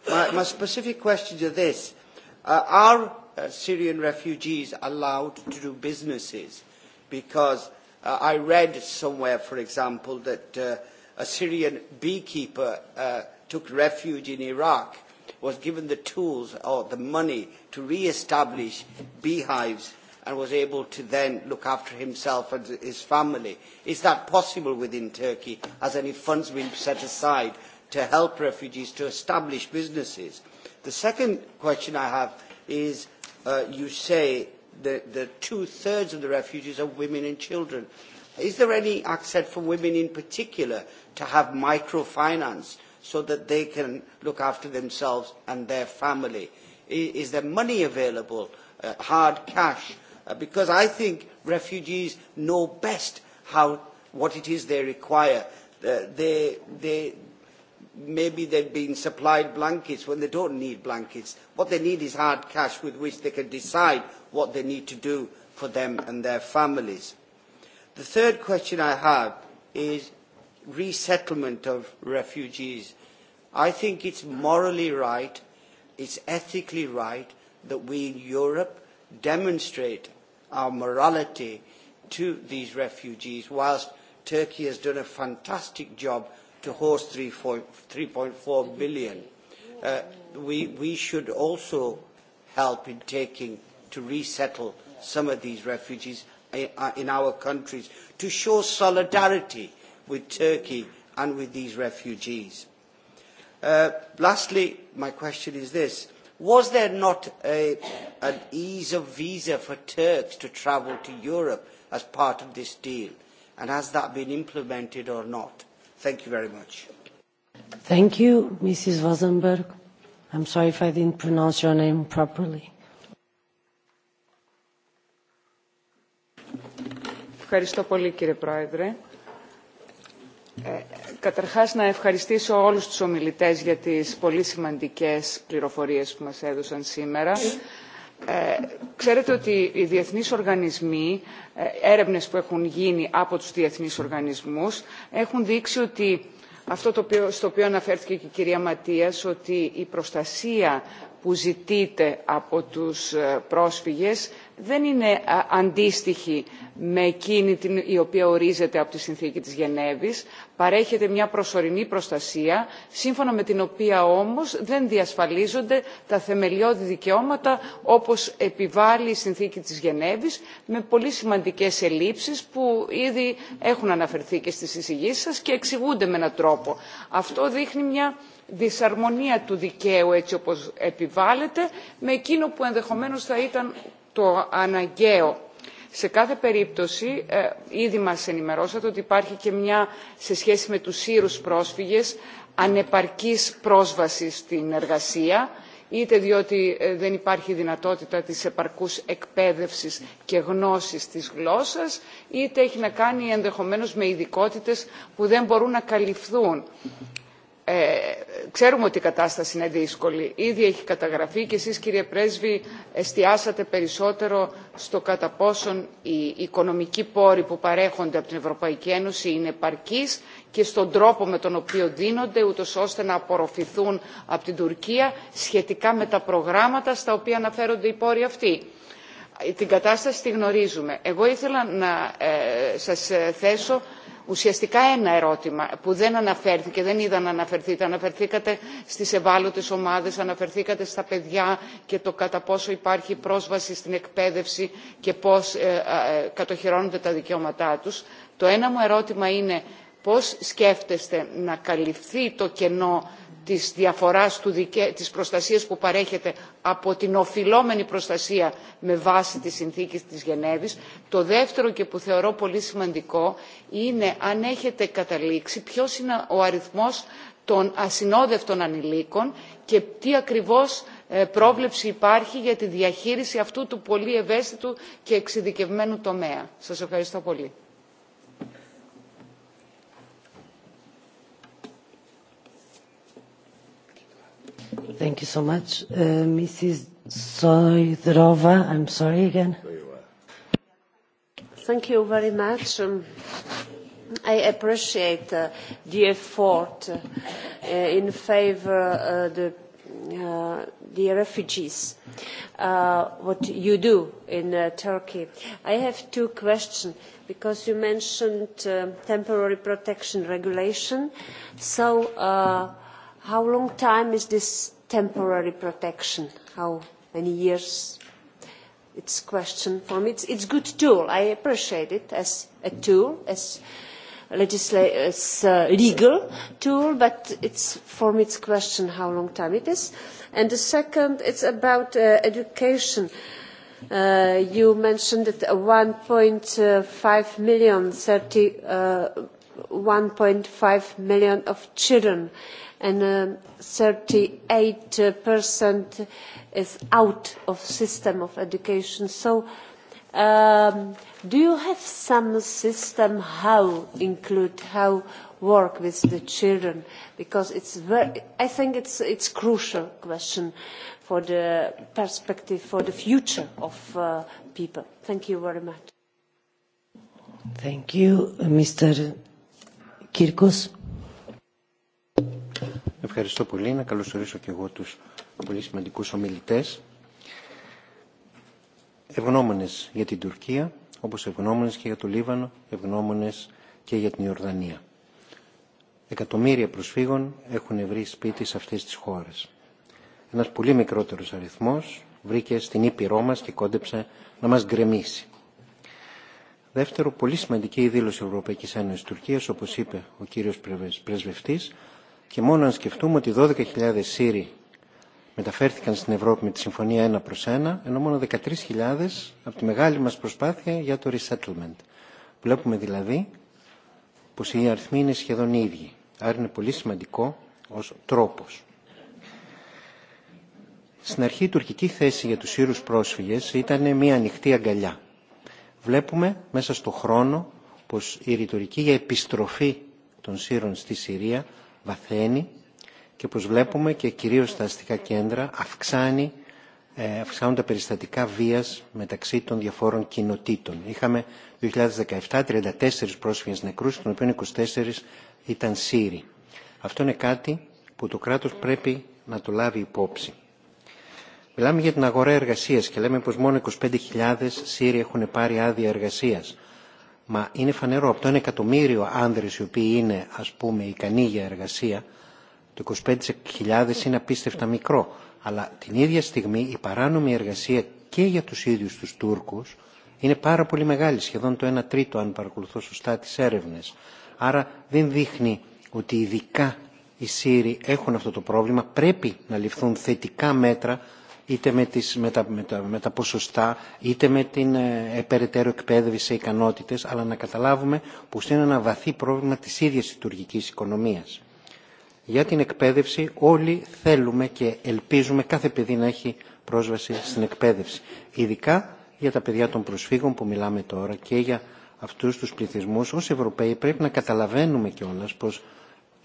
My, my specific questions are this. Uh, are uh, Syrian refugees allowed to do businesses? because uh, I read somewhere, for example, that uh, a Syrian beekeeper uh, took refuge in Iraq, was given the tools or the money to re-establish beehives and was able to then look after himself and his family. Is that possible within Turkey? Has any funds been set aside to help refugees to establish businesses? The second question I have is, you say the, the two-thirds of the refugees are women and children. Is there any access for women in particular to have microfinance so that they can look after themselves and their family? Is there money available, uh, hard cash? Uh, because I think refugees know best how, what it is they require. Uh, they, they, maybe they've been supplied blankets when they don't need blankets. What they need is hard cash with which they can decide what they need to do for them and their families. The third question I have is resettlement of refugees. I think it's morally right, it's ethically right that we in Europe demonstrate our morality to these refugees whilst Turkey has done a fantastic job to host 3.4 billion. Uh, we, we should also help in taking to resettle some of these refugees uh, uh, in our countries to show solidarity with Turkey and with these refugees. Uh, lastly, my question is this. Was there not a, an ease of visa for Turks to travel to Europe as part of this deal? And has that been implemented or not? Thank you very much. Thank you, Mrs. Vosenberg. I'm sorry if I didn't pronounce your name properly. Ευχαριστώ πολύ κύριε Πρόεδρε. Ε, καταρχάς να ευχαριστήσω όλους τους ομιλητές για τις πολύ σημαντικές πληροφορίες που μας έδωσαν σήμερα. Mm Ξέρετε ότι οι διεθνείς οργανισμοί, έρευνες που έχουν γίνει από τους διεθνείς οργανισμούς, έχουν δείξει ότι αυτό το οποίο, στο οποίο αναφέρθηκε και η κυρία Ματίας, ότι η προστασία που ζητείται από τους πρόσφυγες δεν είναι αντίστοιχη με εκείνη την, η οποία ορίζεται από τη συνθήκη της Γενέβης. Παρέχεται μια προσωρινή προστασία, σύμφωνα με την οποία όμως δεν διασφαλίζονται τα θεμελιώδη δικαιώματα όπως επιβάλλει η συνθήκη της Γενέβης με πολύ σημαντικές ελλείψεις που ήδη έχουν αναφερθεί και στις εισηγήσεις σας και εξηγούνται με έναν τρόπο. Αυτό δείχνει μια δυσαρμονία του δικαίου έτσι όπως επιβάλλεται με εκείνο που ενδεχομένως θα ήταν το αναγκαίο. Σε κάθε περίπτωση, ήδη μας ενημερώσατε ότι υπάρχει και μια, σε σχέση με τους Σύρους πρόσφυγες, ανεπαρκής πρόσβαση στην εργασία, είτε διότι δεν υπάρχει δυνατότητα της επαρκούς εκπαίδευσης και γνώσης της γλώσσας, είτε έχει να κάνει ενδεχομένως με ειδικότητες που δεν μπορούν να καλυφθούν ξέρουμε ότι η κατάσταση είναι δύσκολη. Ήδη έχει καταγραφεί και εσείς κύριε Πρέσβη εστιάσατε περισσότερο στο κατά πόσον οι οικονομικοί πόροι που παρέχονται από την Ευρωπαϊκή Ένωση είναι επαρκείς και στον τρόπο με τον οποίο δίνονται ούτω ώστε να απορροφηθούν από την Τουρκία σχετικά με τα προγράμματα στα οποία αναφέρονται οι πόροι αυτοί. Την κατάσταση τη γνωρίζουμε. Εγώ ήθελα να ε, σας θέσω ουσιαστικά ένα ερώτημα που δεν αναφέρθηκε, δεν είδα να αναφερθείτε. Αναφερθήκατε στις ευάλωτες ομάδες, αναφερθήκατε στα παιδιά και το κατά πόσο υπάρχει πρόσβαση στην εκπαίδευση και πώς ε, ε, κατοχυρώνονται τα δικαιώματά τους. Το ένα μου ερώτημα είναι πώς σκέφτεστε να καλυφθεί το κενό της διαφοράς του δικα... της προστασίας που παρέχεται από την οφειλόμενη προστασία με βάση τη συνθήκες της Γενέβης. Το δεύτερο και που θεωρώ πολύ σημαντικό είναι αν έχετε καταλήξει ποιος είναι ο αριθμός των ασυνόδευτων ανηλίκων και τι ακριβώς πρόβλεψη υπάρχει για τη διαχείριση αυτού του πολύ ευαίσθητου και εξειδικευμένου τομέα. Σας ευχαριστώ πολύ. Thank you so much. Uh, Mrs. I'm sorry again. Thank you very much. Um, I appreciate uh, the effort uh, in favor of uh, the Uh, the refugees uh, what you do in uh, turkey. i have two questions because you mentioned uh, temporary protection regulation so uh, How long time is this temporary protection? How many years? It's a question for me. It's, it's a good tool. I appreciate it as a tool, as as a legal tool, but it's, for me it's a question how long time it is. And the second, it's about uh, education. Uh, you mentioned that 1.5 uh, million, 30, uh, 1.5 million of children and uh, thirty eight uh, is out of system of education. so um, do you have some system how include how work with the children because it's i think it's it's crucial question for the perspective for the future of uh, people thank you very much thank you mr Ευχαριστώ πολύ. Να καλωσορίσω και εγώ τους πολύ σημαντικούς ομιλητές. Ευγνώμονες για την Τουρκία, όπως ευγνώμονες και για το Λίβανο, ευγνώμονες και για την Ιορδανία. Εκατομμύρια προσφύγων έχουν βρει σπίτι σε αυτές τις χώρες. Ένας πολύ μικρότερος αριθμός βρήκε στην Ήπειρό μας και κόντεψε να μας γκρεμίσει. Δεύτερο, πολύ σημαντική η δήλωση Ευρωπαϊκής Ένωσης Τουρκίας, όπως είπε ο κύριος πρεσβευτής, Και μόνο αν σκεφτούμε ότι 12.000 Σύριοι μεταφέρθηκαν στην Ευρώπη με τη συμφωνία ένα προς ένα, ενώ μόνο 13.000 από τη μεγάλη μας προσπάθεια για το resettlement. Βλέπουμε δηλαδή πως οι αριθμοί είναι σχεδόν οι ίδιοι. Άρα είναι πολύ σημαντικό ως τρόπος. Στην αρχή η τουρκική θέση για τους Σύρους πρόσφυγες ήταν μια ανοιχτή αγκαλιά. Βλέπουμε μέσα στο χρόνο πως η ρητορική για επιστροφή των Σύρων στη Συρία βαθαίνει και όπως βλέπουμε και κυρίως στα αστικά κέντρα αυξάνει, ε, αυξάνουν τα περιστατικά βίας μεταξύ των διαφόρων κοινοτήτων. Είχαμε το 2017 34 πρόσφυγες νεκρούς, των οποίων 24 ήταν Σύριοι. Αυτό είναι κάτι που το κράτος πρέπει να το λάβει υπόψη. Μιλάμε για την αγορά εργασίας και λέμε πως μόνο 25.000 Σύριοι έχουν πάρει άδεια εργασίας. Μα είναι φανερό από το 1 εκατομμύριο άνδρε, οι οποίοι είναι α πούμε ικανοί για εργασία το 25.000 είναι απίστευτα μικρό. Αλλά την ίδια στιγμή η παράνομη εργασία και για του ίδιου του Τούρκου είναι πάρα πολύ μεγάλη, σχεδόν το 1 τρίτο αν παρακολουθώ σωστά τι έρευνε. Άρα δεν δείχνει ότι ειδικά οι Σύριοι έχουν αυτό το πρόβλημα, πρέπει να ληφθούν θετικά μέτρα είτε με, τις, με, τα, με, τα, με τα ποσοστά, είτε με την ε, περαιτέρω εκπαίδευση σε ικανότητες, αλλά να καταλάβουμε πως είναι ένα βαθύ πρόβλημα της ίδιας λειτουργικής οικονομίας. Για την εκπαίδευση όλοι θέλουμε και ελπίζουμε κάθε παιδί να έχει πρόσβαση στην εκπαίδευση. Ειδικά για τα παιδιά των προσφύγων που μιλάμε τώρα και για αυτούς τους πληθυσμούς ως Ευρωπαίοι πρέπει να καταλαβαίνουμε κιόλας πως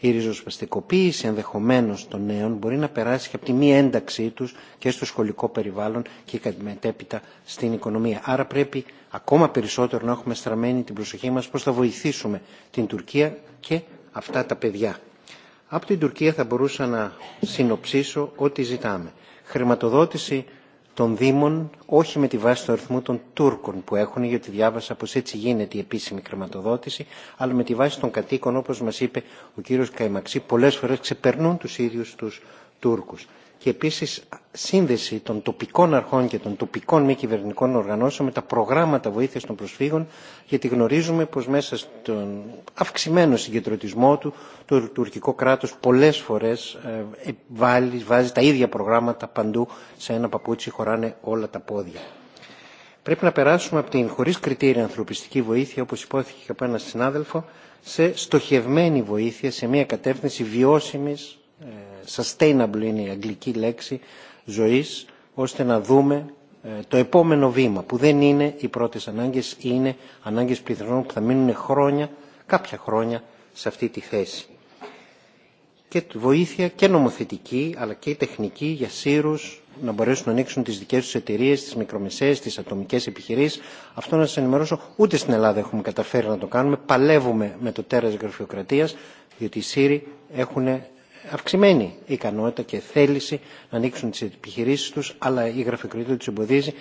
η ριζοσπαστικοποίηση ενδεχομένω των νέων μπορεί να περάσει και από τη μη ένταξή του και στο σχολικό περιβάλλον και μετέπειτα στην οικονομία. Άρα πρέπει ακόμα περισσότερο να έχουμε στραμμένη την προσοχή μα πώ θα βοηθήσουμε την Τουρκία και αυτά τα παιδιά. Από την Τουρκία θα μπορούσα να συνοψίσω ό,τι ζητάμε. Χρηματοδότηση των Δήμων, όχι με τη βάση του αριθμού των Τούρκων που έχουν, γιατί διάβασα πως έτσι γίνεται η επίσημη χρηματοδότηση, αλλά με τη βάση των κατοίκων, όπως μας είπε ο κύριος Καϊμαξή, πολλές φορές ξεπερνούν τους ίδιους τους Τούρκους και επίσης σύνδεση των τοπικών αρχών και των τοπικών μη κυβερνητικών οργανώσεων με τα προγράμματα βοήθειας των προσφύγων γιατί γνωρίζουμε πως μέσα στον αυξημένο συγκεντρωτισμό του το τουρκικό κράτος πολλές φορές βάλει, βάζει τα ίδια προγράμματα παντού σε ένα παπούτσι χωράνε όλα τα πόδια. Πρέπει να περάσουμε από την χωρίς κριτήρια ανθρωπιστική βοήθεια, όπως υπόθηκε και από έναν συνάδελφο, σε στοχευμένη βοήθεια, σε μια κατεύθυνση βιώσιμης sustainable είναι η αγγλική λέξη ζωής ώστε να δούμε το επόμενο βήμα που δεν είναι οι πρώτες ανάγκες είναι ανάγκες πληθυνών που θα μείνουν χρόνια, κάποια χρόνια σε αυτή τη θέση. Και βοήθεια και νομοθετική αλλά και τεχνική για σύρους να μπορέσουν να ανοίξουν τις δικές τους εταιρείε, τις μικρομεσαίες, τις ατομικές επιχειρήσεις. Αυτό να σας ενημερώσω, ούτε στην Ελλάδα έχουμε καταφέρει να το κάνουμε. Παλεύουμε με το τέρας γραφειοκρατίας, διότι οι ΣΥΡΙ έχουν αυξημένη ικανότητα και θέληση να ανοίξουν τις επιχειρήσεις τους, αλλά η γραφειοκρατία τους εμποδίζει.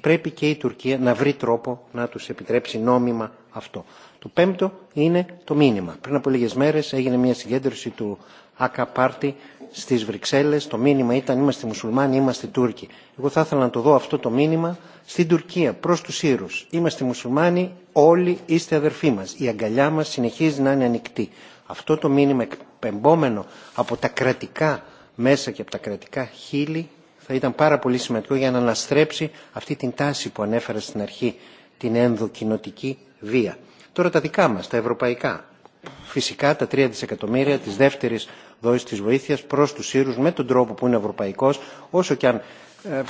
Πρέπει και η Τουρκία να βρει τρόπο να τους επιτρέψει νόμιμα αυτό. Το πέμπτο είναι το μήνυμα. Πριν από λίγες μέρες έγινε μια συγκέντρωση του ΑΚΑ Πάρτι στις Βρυξέλλες. Το μήνυμα ήταν είμαστε μουσουλμάνοι, είμαστε Τούρκοι. Εγώ θα ήθελα να το δω αυτό το μήνυμα στην Τουρκία προς τους Ήρους. Είμαστε μουσουλμάνοι, όλοι είστε αδερφοί μας. Η αγκαλιά μας συνεχίζει να είναι ανοιχτή αυτό το μήνυμα εκπεμπόμενο από τα κρατικά μέσα και από τα κρατικά χείλη θα ήταν πάρα πολύ σημαντικό για να αναστρέψει αυτή την τάση που ανέφερα στην αρχή, την ενδοκοινοτική βία. Τώρα τα δικά μας, τα ευρωπαϊκά. Φυσικά τα 3 δισεκατομμύρια της δεύτερης δόησης της βοήθειας προς τους Σύρους με τον τρόπο που είναι ευρωπαϊκός, όσο και αν ε,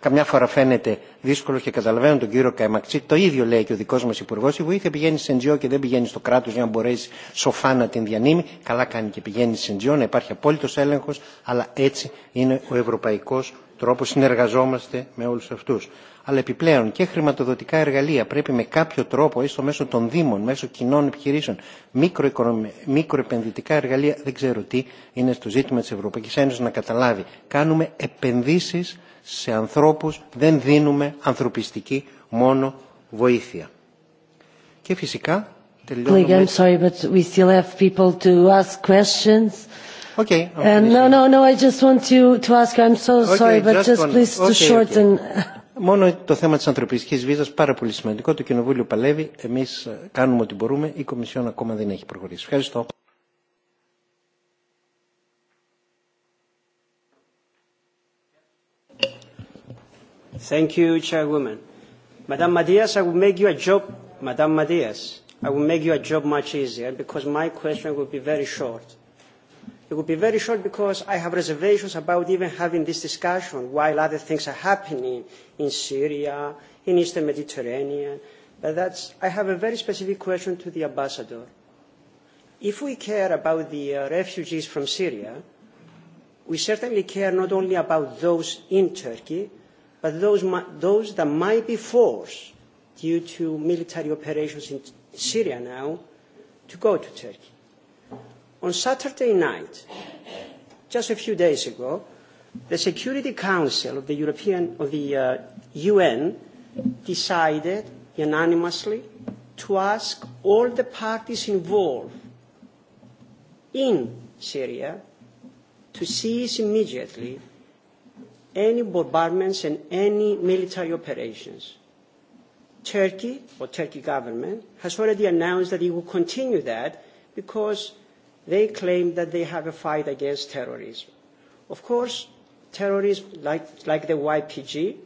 καμιά φορά φαίνεται δύσκολο και καταλαβαίνω τον κύριο Καϊμαξή, το ίδιο λέει και ο δικό μα υπουργό. Η βοήθεια πηγαίνει σε NGO και δεν πηγαίνει στο κράτο για να μπορέσει σοφά να την διανύμει. Καλά κάνει και πηγαίνει σε NGO, να υπάρχει απόλυτο έλεγχο, αλλά έτσι είναι ο ευρωπαϊκό τρόπο. Συνεργαζόμαστε με όλου αυτού. Αλλά επιπλέον και χρηματοδοτικά εργαλεία πρέπει με κάποιο τρόπο, έστω μέσω των Δήμων, μέσω κοινών επιχειρήσεων, μικροεπενδυτικά εργαλεία, δεν ξέρω τι, είναι στο ζήτημα τη Ευρωπαϊκή Ένωση να καταλάβει. Κάνουμε επενδύσει σε ανθρώπους, δεν δίνουμε ανθρωπιστική μόνο βοήθεια. Και φυσικά I'm sorry, but we still have people to ask questions. Okay. and no, no, no, I just want to, to ask, I'm so okay, sorry, but just one. please okay, to shorten. Okay. Μόνο το θέμα της ανθρωπιστικής βίζας πάρα πολύ σημαντικό. Το Κοινοβούλιο παλεύει, εμείς κάνουμε ό,τι μπορούμε, η Κομισιόν ακόμα δεν έχει προχωρήσει. Ευχαριστώ. Thank you, Chairwoman. Madam Matias, I will make you a job, Madam Matias, I will make you a job much easier because my question will be very short. It will be very short because I have reservations about even having this discussion while other things are happening in Syria, in Eastern Mediterranean. But that's, I have a very specific question to the ambassador. If we care about the uh, refugees from Syria, we certainly care not only about those in Turkey, but those, those that might be forced due to military operations in Syria now to go to Turkey. On Saturday night, just a few days ago, the Security Council of the European of the UN uh, decided unanimously to ask all the parties involved in Syria to cease immediately any bombardments and any military operations. Turkey, or Turkey government, has already announced that it will continue that because they claim that they have a fight against terrorism. Of course, terrorism, like, like the YPG,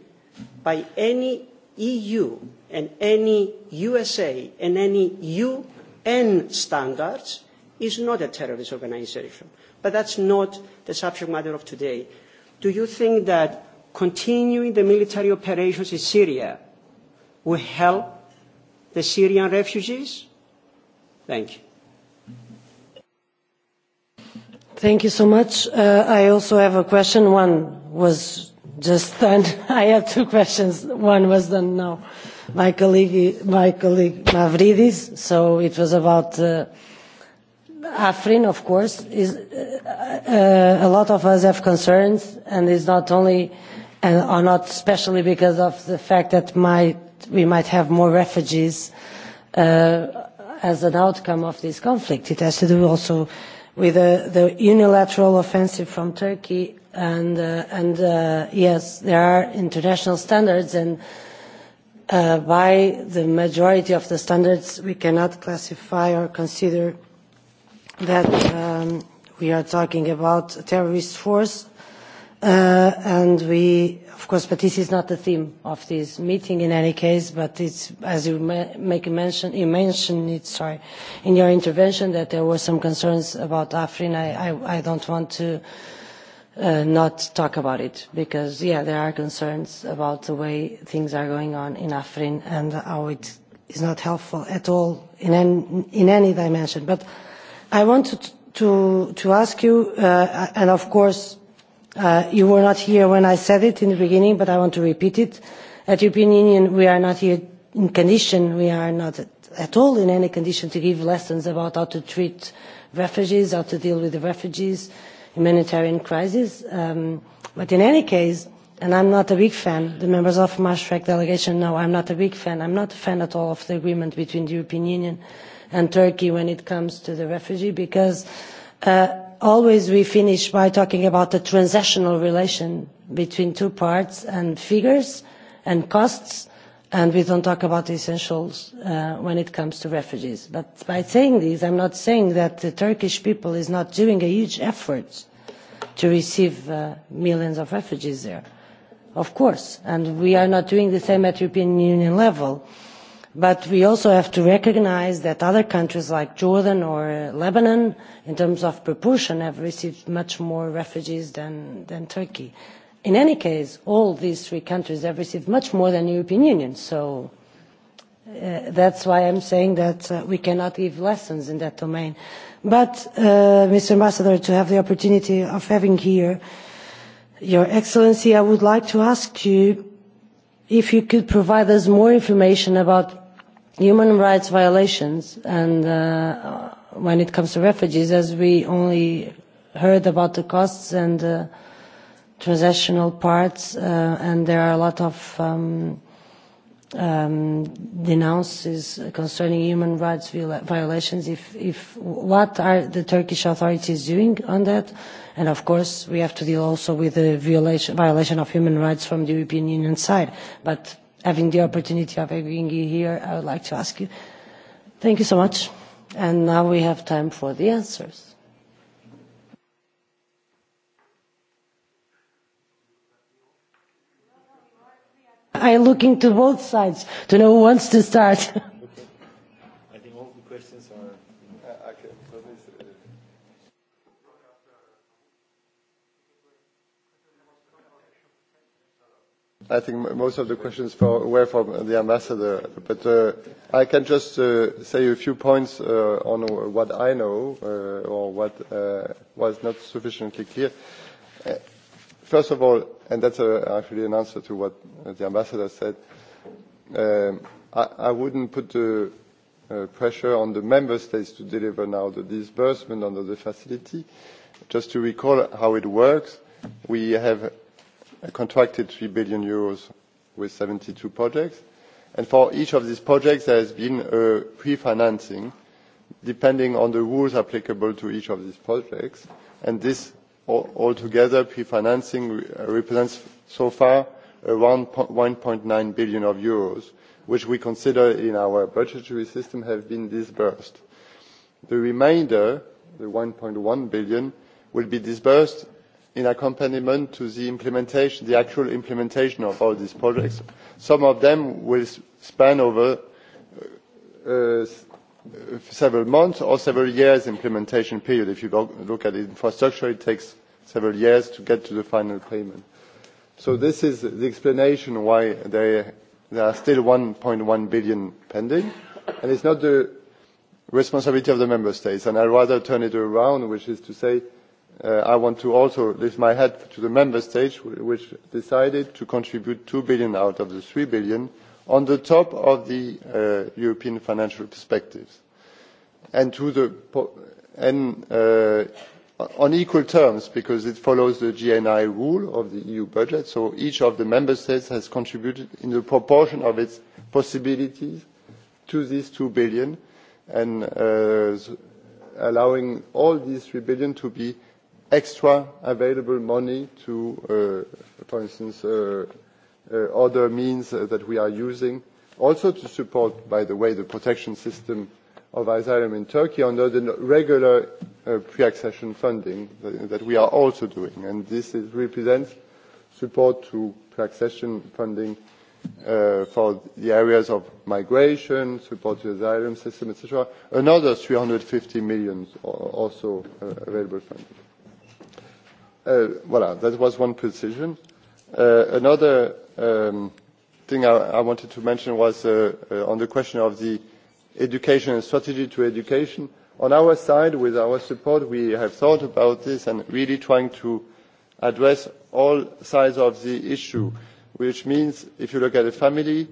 by any EU and any USA and any UN standards, is not a terrorist organization. But that's not the subject matter of today do you think that continuing the military operations in Syria will help the Syrian refugees? Thank you. Thank you so much. Uh, I also have a question. One was just done. I have two questions. One was done now. My colleague, my colleague Mavridis, so it was about uh, Afrin, of course, is uh, uh, a lot of us have concerns, and it's not only and are not especially because of the fact that might, we might have more refugees uh, as an outcome of this conflict. It has to do also with uh, the unilateral offensive from Turkey, and uh, and uh, yes, there are international standards and. Uh, by the majority of the standards, we cannot classify or consider that um, we are talking about a terrorist force uh, and we of course but this is not the theme of this meeting in any case but it's as you make mention you mentioned it sorry in your intervention that there were some concerns about Afrin I, I, I don't want to uh, not talk about it because yeah there are concerns about the way things are going on in Afrin and how it is not helpful at all in any, in any dimension but i wanted to, to ask you, uh, and of course uh, you were not here when I said it in the beginning, but I want to repeat it. At European Union, we are not here in condition, we are not at, at all in any condition to give lessons about how to treat refugees, how to deal with the refugees, humanitarian crisis. Um, but in any case, and I'm not a big fan, the members of Maastricht delegation know I'm not a big fan, I'm not a fan at all of the agreement between the European Union and Turkey when it comes to the refugee, because uh, always we finish by talking about the transactional relation between two parts and figures and costs, and we don't talk about the essentials uh, when it comes to refugees. But by saying this, I'm not saying that the Turkish people is not doing a huge effort to receive uh, millions of refugees there. Of course, and we are not doing the same at European Union level But we also have to recognize that other countries like Jordan or uh, Lebanon, in terms of proportion, have received much more refugees than, than Turkey. In any case, all these three countries have received much more than the European Union. So uh, that's why I'm saying that uh, we cannot give lessons in that domain. But, Mr. Ambassador, to have the opportunity of having here Your Excellency, I would like to ask you if you could provide us more information about human rights violations and uh, when it comes to refugees as we only heard about the costs and uh, transactional parts uh, and there are a lot of um, um, denounces concerning human rights violations if, if what are the Turkish authorities doing on that and of course we have to deal also with the violation, violation of human rights from the European Union side but having the opportunity of having you here, I would like to ask you. Thank you so much. And now we have time for the answers. I looking to both sides to know who wants to start. I think most of the questions for, were from the ambassador, but uh, I can just uh, say a few points uh, on what I know uh, or what uh, was not sufficiently clear. Uh, first of all, and that's uh, actually an answer to what the ambassador said, um, I, I wouldn't put the uh, pressure on the member states to deliver now the disbursement under the facility. Just to recall how it works, we have contracted 3 billion euros with 72 projects. And for each of these projects, there has been a pre-financing depending on the rules applicable to each of these projects. And this altogether, pre-financing uh, represents so far around 1.9 billion of euros, which we consider in our budgetary system have been disbursed. The remainder, the 1.1 billion, will be disbursed in accompaniment to the implementation, the actual implementation of all these projects. Some of them will span over uh, several months or several years implementation period. If you look at infrastructure, it takes several years to get to the final payment. So this is the explanation why there, there are still 1.1 billion pending, and it's not the responsibility of the member states. And I'd rather turn it around, which is to say Uh, I want to also lift my hat to the member states which decided to contribute 2 billion out of the 3 billion on the top of the uh, European financial perspectives and to the and uh, on equal terms because it follows the GNI rule of the EU budget so each of the member states has contributed in the proportion of its possibilities to these 2 billion and uh, allowing all these 3 billion to be extra available money to, uh, for instance, uh, uh, other means that we are using, also to support, by the way, the protection system of asylum in Turkey under the regular pre-accession funding that, we are also doing. And this represents support to pre-accession funding for the areas of migration, support to the asylum system, etc. Another 350 million also available funding. Uh, voilà, that was one precision. Uh, another um, thing I, I wanted to mention was uh, uh, on the question of the education and strategy to education. On our side, with our support, we have thought about this and really trying to address all sides of the issue, which means if you look at a family,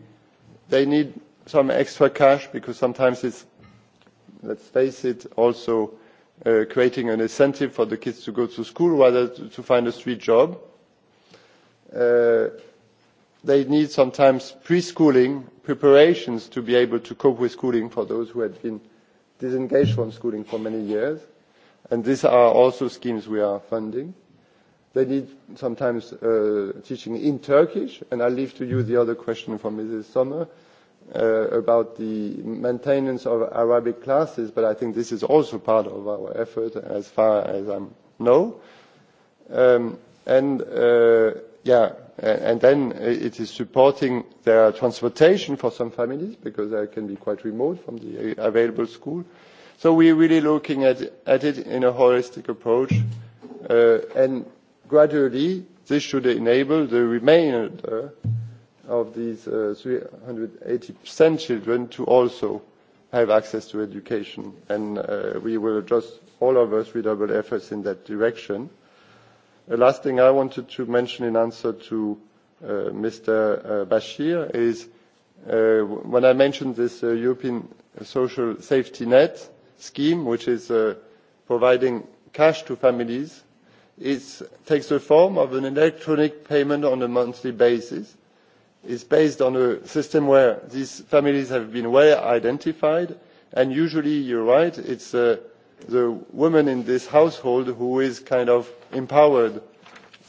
they need some extra cash because sometimes it's, let's face it, also Uh, creating an incentive for the kids to go to school rather to, to find a street job. Uh, they need sometimes preschooling preparations to be able to cope with schooling for those who have been disengaged from schooling for many years. And these are also schemes we are funding. They need sometimes uh, teaching in Turkish, and I leave to you the other question from Mrs. Sommer uh, about the maintenance of Arabic classes, but I think this is also part of our effort as far as I know. Um, and uh, yeah, and then it is supporting their transportation for some families because they can be quite remote from the available school. So we're really looking at, at it in a holistic approach uh, and gradually this should enable the remainder of these uh, 380% children to also have access to education. And uh, we will adjust all of us redouble efforts in that direction. The last thing I wanted to mention in answer to uh, Mr. Uh, Bashir is uh, when I mentioned this uh, European social safety net scheme, which is uh, providing cash to families, it takes the form of an electronic payment on a monthly basis is based on a system where these families have been well identified and usually you're right it's uh, the woman in this household who is kind of empowered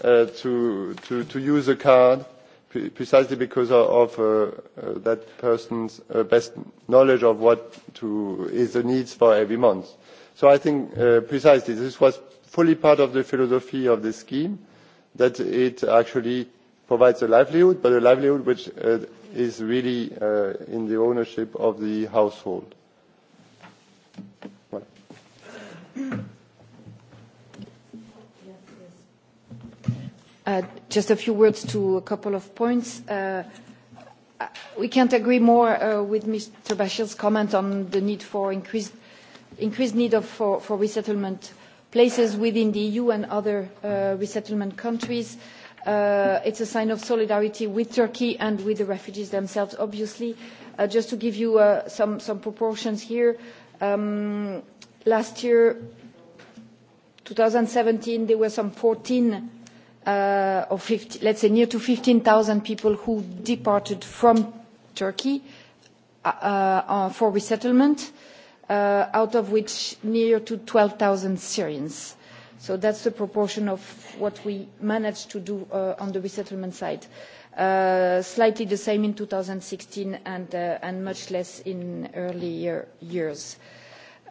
uh, to, to, to use a card precisely because of, of uh, uh, that person's uh, best knowledge of what to, is the needs for every month. So I think uh, precisely this was fully part of the philosophy of the scheme that it actually provides a livelihood, but a livelihood which uh, is really uh, in the ownership of the household. Voilà. Uh, just a few words to a couple of points. Uh, we can't agree more with Mr. Bashir's comment on the need for increased, need of, for, for resettlement places within the EU and other resettlement countries. Uh, it's a sign of solidarity with Turkey and with the refugees themselves, obviously. Uh, just to give you uh, some, some proportions here, um, last year, 2017, there were some 14 or let's say near to 15,000 people who departed from Turkey for resettlement, out of which near to 12,000 Syrians. So that's the proportion of what we managed to do uh, on the resettlement side. Uh, slightly the same in 2016 and, uh, and much less in earlier years.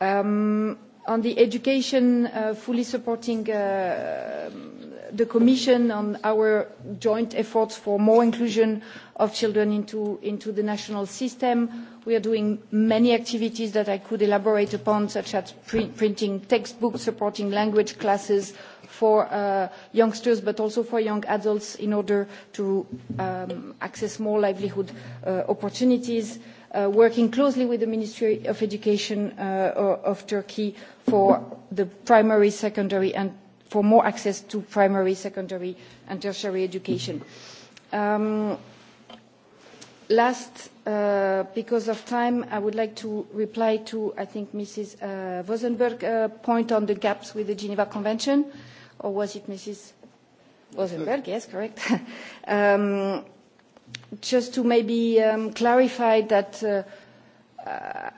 Um, on the education, uh, fully supporting the Commission on our joint efforts for more inclusion of children into, into the national system. We are doing many activities that I could elaborate upon, such as printing textbooks, supporting language classes for uh, youngsters, but also for young adults in order to um, access more livelihood uh, opportunities. Uh, working closely with the Ministry of Education of Turkey for the primary, secondary and for more access to primary, secondary and tertiary education. Um, last, uh, because of time, I would like to reply to, I think, Mrs. Uh, Vosenberg's uh, point on the gaps with the Geneva Convention, or was it Mrs. Vosenberg? Yes, correct. um, just to maybe um, clarify that uh, uh,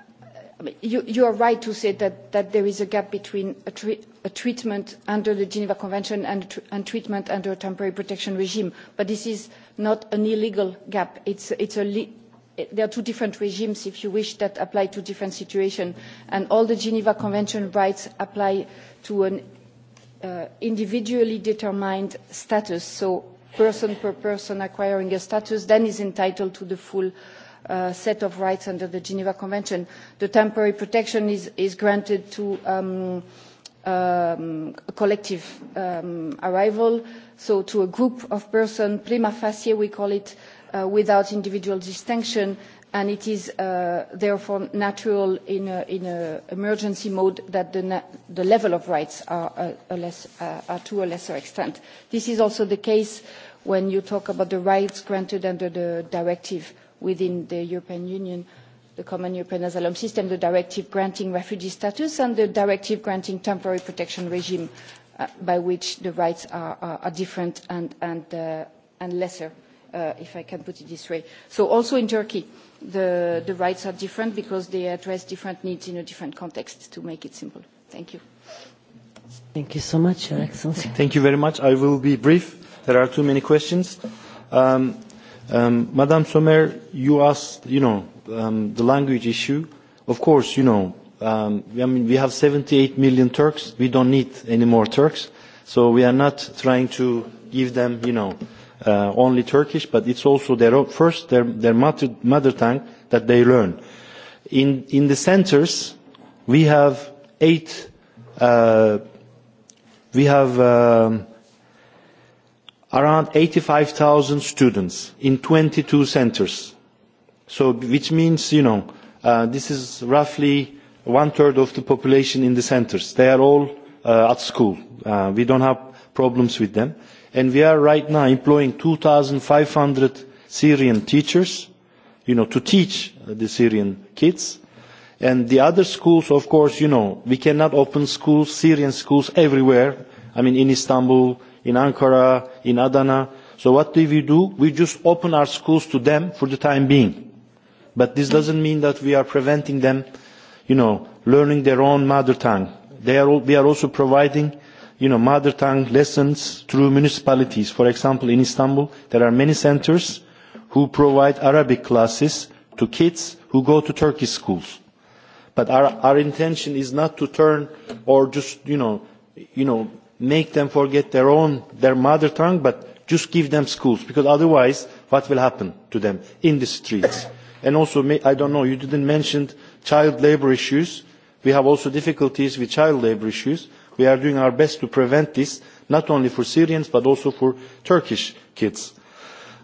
you, you are right to say that, that there is a gap between a, treatment under the Geneva Convention and, treatment under a temporary protection regime, but this is not an illegal gap. It's, it's there are two different regimes, if you wish, that apply to different situations, and all the Geneva Convention rights apply to an uh, individually determined status, so person per person acquiring a status then is entitled to the full Uh, set of rights under the Geneva Convention. The temporary protection is, is granted to a um, um, collective um, arrival, so to a group of persons, prima facie we call it, uh, without individual distinction, and it is uh, therefore natural in an emergency mode that the, level of rights are, are to a lesser extent. This is also the case when you talk about the rights granted under the directive within the European Union, the Common European Asylum System, the directive granting refugee status and the directive granting temporary protection regime uh, by which the rights are, are, different and, and, uh, lesser, uh, if I can put it this way. So also in Turkey, the, the rights are different because they address different needs in a different context, to make it simple. Thank you. Thank you so much, Your Excellency. Thank you very much. I will be brief. There are too many questions. Um, Um, Madame Sommer, you asked, you um, the language issue. Of course, you know, um, we have 78 million Turks. We don't need any more Turks. So we are not trying to give them, uh, only Turkish, but it's also their first their, mother, tongue that they learn. In, the centers, we have eight, uh, we have um, around 85,000 students in 22 centers. So, which means, you know, uh, this is roughly one third of the population in the centers. They are all uh, at school. Uh, we don't have problems with them. And we are right now employing 2,500 Syrian teachers, you know, to teach the Syrian kids. And the other schools, of course, you know, we cannot open schools, Syrian schools everywhere. I mean, in Istanbul, in Ankara, in Adana. So what do we do? We just open our schools to them for the time being. But this doesn't mean that we are preventing them, you know, learning their own mother tongue. They are, we are also providing, you know, mother tongue lessons through municipalities. For example, in Istanbul, there are many centers who provide Arabic classes to kids who go to Turkish schools. But our, our intention is not to turn or just, you know, you know, make them forget their own their mother tongue but just give them schools because otherwise what will happen to them in the streets and also i don't know you didn't mention child labour issues we have also difficulties with child labour issues we are doing our best to prevent this not only for syrians but also for turkish kids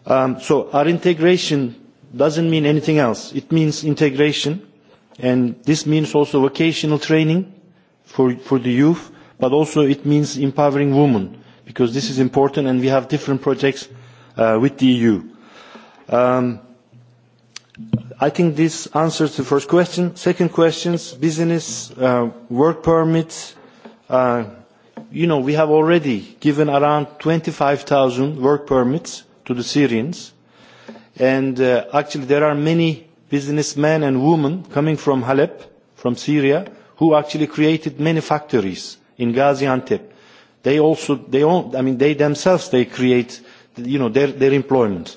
um, so our integration doesn't mean anything else it means integration and this means also vocational training for, for the youth but also it means empowering women because this is important and we have different projects uh, with the eu. Um, i think this answers the first question. second question business uh, work permits uh, you know we have already given around twenty five work permits to the syrians and uh, actually there are many businessmen and women coming from halep from syria who actually created many factories in Gaziantep. They also, they all, I mean, they themselves, they create, you know, their, their employment.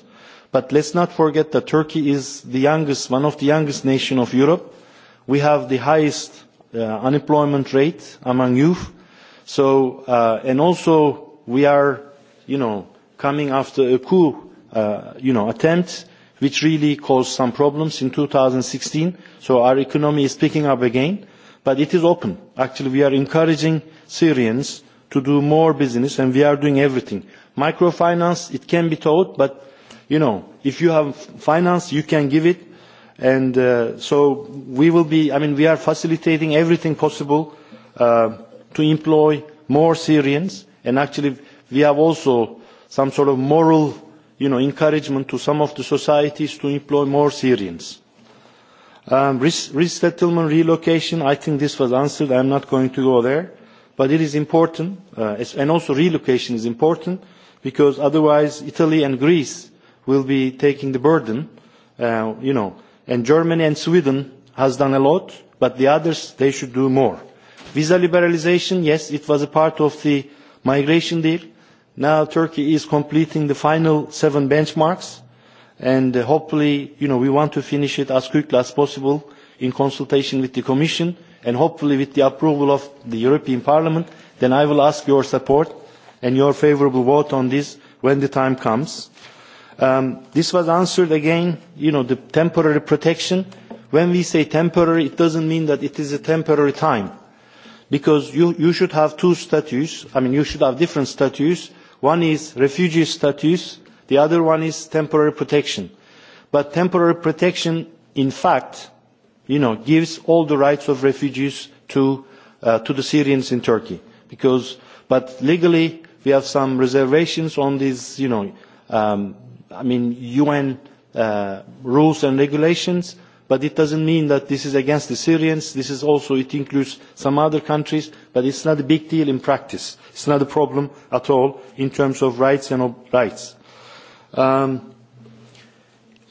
But let's not forget that Turkey is the youngest, one of the youngest nations of Europe. We have the highest uh, unemployment rate among youth. So, uh, and also we are, you know, coming after a coup, uh, you know, attempt which really caused some problems in 2016. So our economy is picking up again, but it is open. Actually, we are encouraging Syrians to do more business and we are doing everything. Microfinance, it can be taught, but you know, if you have finance, you can give it. And uh, so we will be, I mean, we are facilitating everything possible uh, to employ more Syrians. And actually, we have also some sort of moral, you know, encouragement to some of the societies to employ more Syrians. Um, resettlement, relocation, I think this was answered. I am not going to go there but it is important uh, and also relocation is important because otherwise italy and greece will be taking the burden uh, you know and germany and sweden have done a lot but the others they should do more visa liberalisation yes it was a part of the migration deal now turkey is completing the final seven benchmarks and uh, hopefully you know we want to finish it as quickly as possible in consultation with the commission and hopefully with the approval of the European Parliament, then I will ask your support and your favourable vote on this when the time comes. Um, this was answered again, you know, the temporary protection. When we say temporary, it does not mean that it is a temporary time. Because you, you should have two statutes, I mean, you should have different statutes. One is refugee status, the other one is temporary protection. But temporary protection, in fact, you know, gives all the rights of refugees to, uh, to the Syrians in Turkey. Because, but legally, we have some reservations on these, you know, um, I mean, UN uh, rules and regulations, but it doesn't mean that this is against the Syrians. This is also, it includes some other countries, but it's not a big deal in practice. It's not a problem at all in terms of rights and of rights. Um,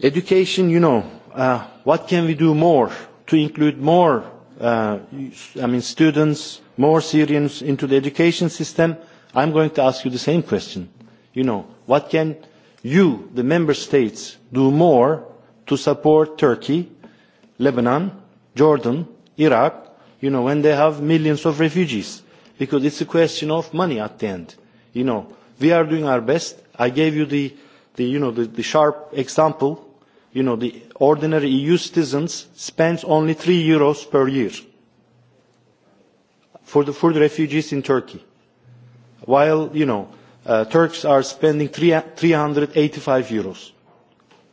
education, you know, Uh, what can we do more to include more uh, I mean, students, more Syrians into the education system? I'm going to ask you the same question. You know, what can you, the member states, do more to support Turkey, Lebanon, Jordan, Iraq, you know, when they have millions of refugees? Because it's a question of money at the end. You know, we are doing our best. I gave you the, the you know, the, the sharp example the ordinary EU citizens spends only three euros per year for the, food refugees in Turkey. While, you know, uh, Turks are spending 385 euros.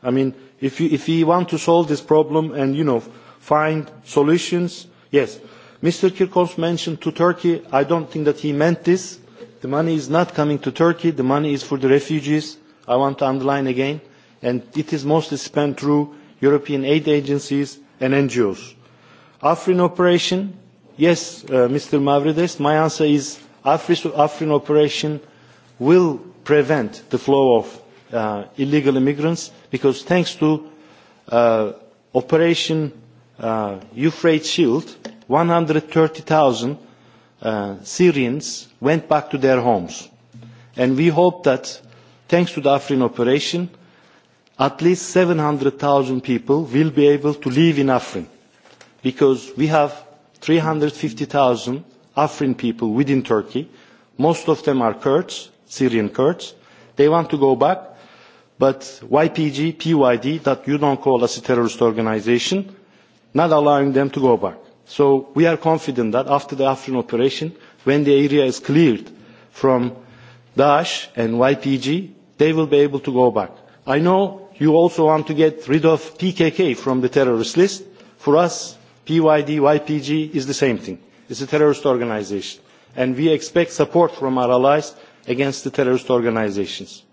I mean, if, you, if we want to solve this problem and, you know, find solutions, yes. Mr. Kirkos mentioned to Turkey, I don't think that he meant this. The money is not coming to Turkey. The money is for the refugees. I want to underline again and it is mostly spent through European aid agencies and NGOs. Afrin operation, yes, uh, Mr. Mavrides, my answer is Afrin operation will prevent the flow of uh, illegal immigrants because thanks to uh, Operation Euphrates Shield, 130,000 Syrians went back to their homes. And we hope that thanks to the Afrin operation, at least 700,000 people will be able to live in Afrin because we have 350,000 Afrin people within Turkey. Most of them are Kurds, Syrian Kurds. They want to go back, but YPG, PYD, that you don't call as a terrorist organization, not allowing them to go back. So we are confident that after the Afrin operation, when the area is cleared from Daesh and YPG, they will be able to go back. I know you also want to get rid of pkk from the terrorist list for us pyd ypg is the same thing it's a terrorist organisation and we expect support from our allies against the terrorist organisations.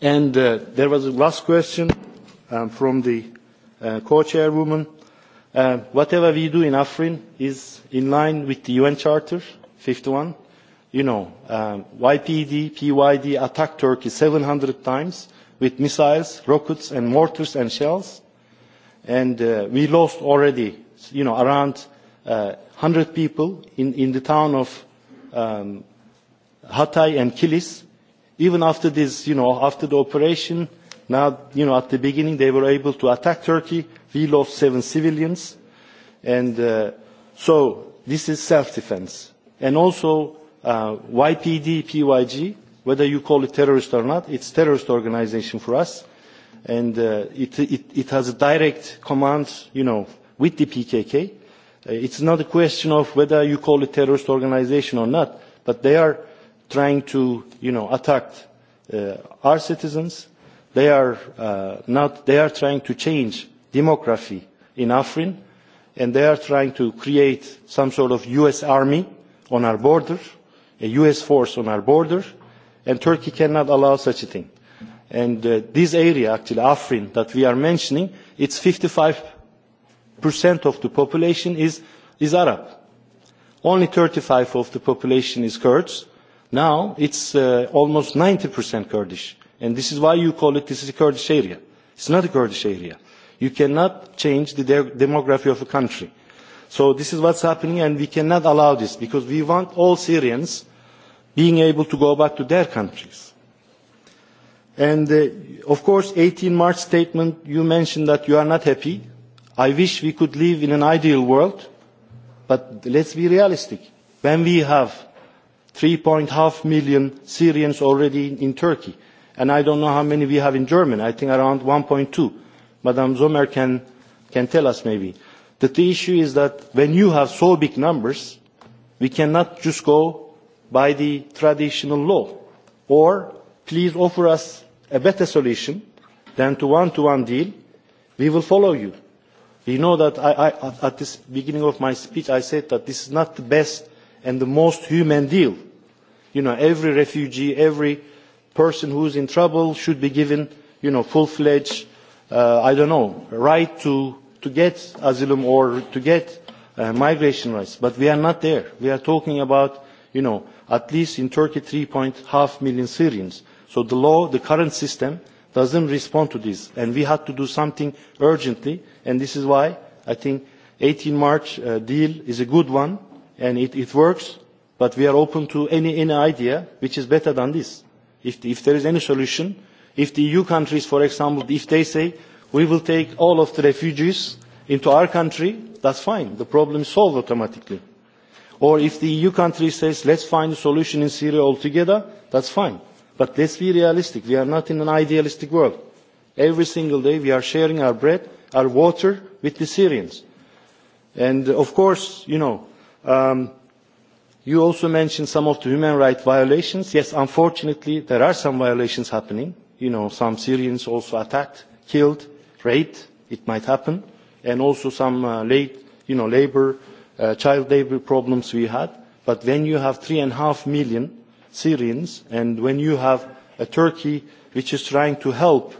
And uh, there was a last question um, from the uh, co-chairwoman. Uh, whatever we do in Afrin is in line with the UN Charter one. You know, um, YPD, PYD attacked Turkey 700 times with missiles, rockets and mortars and shells. And uh, we lost already, you know, around uh, 100 people in, in the town of um, Hatay and Kilis. Even after this, you know, after the operation, now, you know, at the beginning they were able to attack Turkey. We lost seven civilians. And uh, so this is self-defense. And also uh, YPD, PYG, whether you call it terrorist or not it's terrorist organisation for us and uh, it, it, has a direct command you know with the pkk uh, it's not a question of whether you call it terrorist organisation or not but they are trying to you know attack uh, our citizens they are not they are trying to change demography in afrin and they are trying to create some sort of us army on our border a us force on our border and Turkey cannot allow such a thing. And uh, this area, actually, Afrin, that we are mentioning, it's 55% of the population is, is Arab. Only 35 of the population is Kurds. Now it's uh, almost 90% Kurdish. And this is why you call it, this is a Kurdish area. It's not a Kurdish area. You cannot change the de demography of a country. So this is what's happening and we cannot allow this because we want all Syrians being able to go back to their countries. And uh, of course, 18 March statement, you mentioned that you are not happy. I wish we could live in an ideal world, but let's be realistic. When we have 3.5 million Syrians already in, Turkey, and I don't know how many we have in Germany, I think around 1.2. Madame Zomer can, can tell us maybe. That the issue is that when you have so big numbers, we cannot just go by the traditional law or please offer us a better solution than to one to one deal we will follow you. you know that I, I, at the beginning of my speech i said that this is not the best and the most human deal. you know every refugee every person who is in trouble should be given you know full fledged uh, i don't know right to to get asylum or to get uh, migration rights but we are not there we are talking about you know at least in turkey. three million syrians so the law the current system does not respond to this and we had to do something urgently and this is why i think the eighteen march uh, deal is a good one and it, works but we are open to any, idea which is better than this. If, there is any solution if the eu countries for example if they say we will take all of the refugees into our country that's fine the problem is solved automatically or if the eu country says let's find a solution in syria altogether that's fine but let's be realistic we are not in an idealistic world every single day we are sharing our bread our water with the syrians and of course you know um, you also mentioned some of the human rights violations yes unfortunately there are some violations happening you know some syrians also attacked killed raped it might happen and also some uh, late you Uh, child labour problems we had but when you have three and a half million syrians and when you have a turkey which is trying to help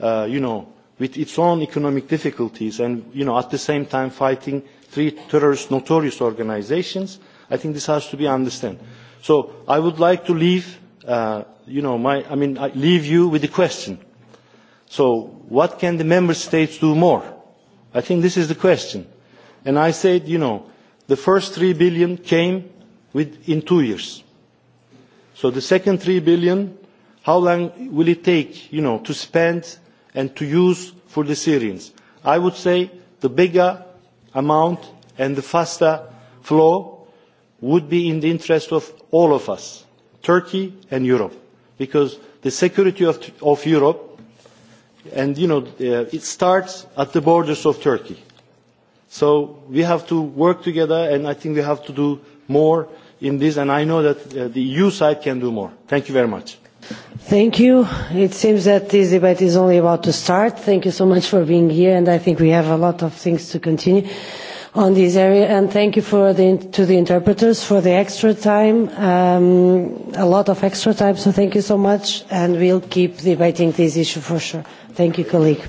uh, you know with its own economic difficulties and you know at the same time fighting three terrorist notorious organisations i think this has to be understood so i would like to leave uh, you know my i mean I leave you with the question so what can the member states do more i think this is the question and i said you know the first three billion came within two years. So the second three billion, how long will it take, you know, to spend and to use for the Syrians? I would say the bigger amount and the faster flow would be in the interest of all of us, Turkey and Europe, because the security of, Europe, and you know, uh, it starts at the borders of Turkey so we have to work together and i think we have to do more in this and i know that uh, the eu side can do more. thank you very much. thank you. it seems that this debate is only about to start. thank you so much for being here and i think we have a lot of things to continue on this area and thank you for to the interpreters for the extra time, um, a lot of extra time, so thank you so much and we'll keep debating this issue for sure. Thank you, colleague.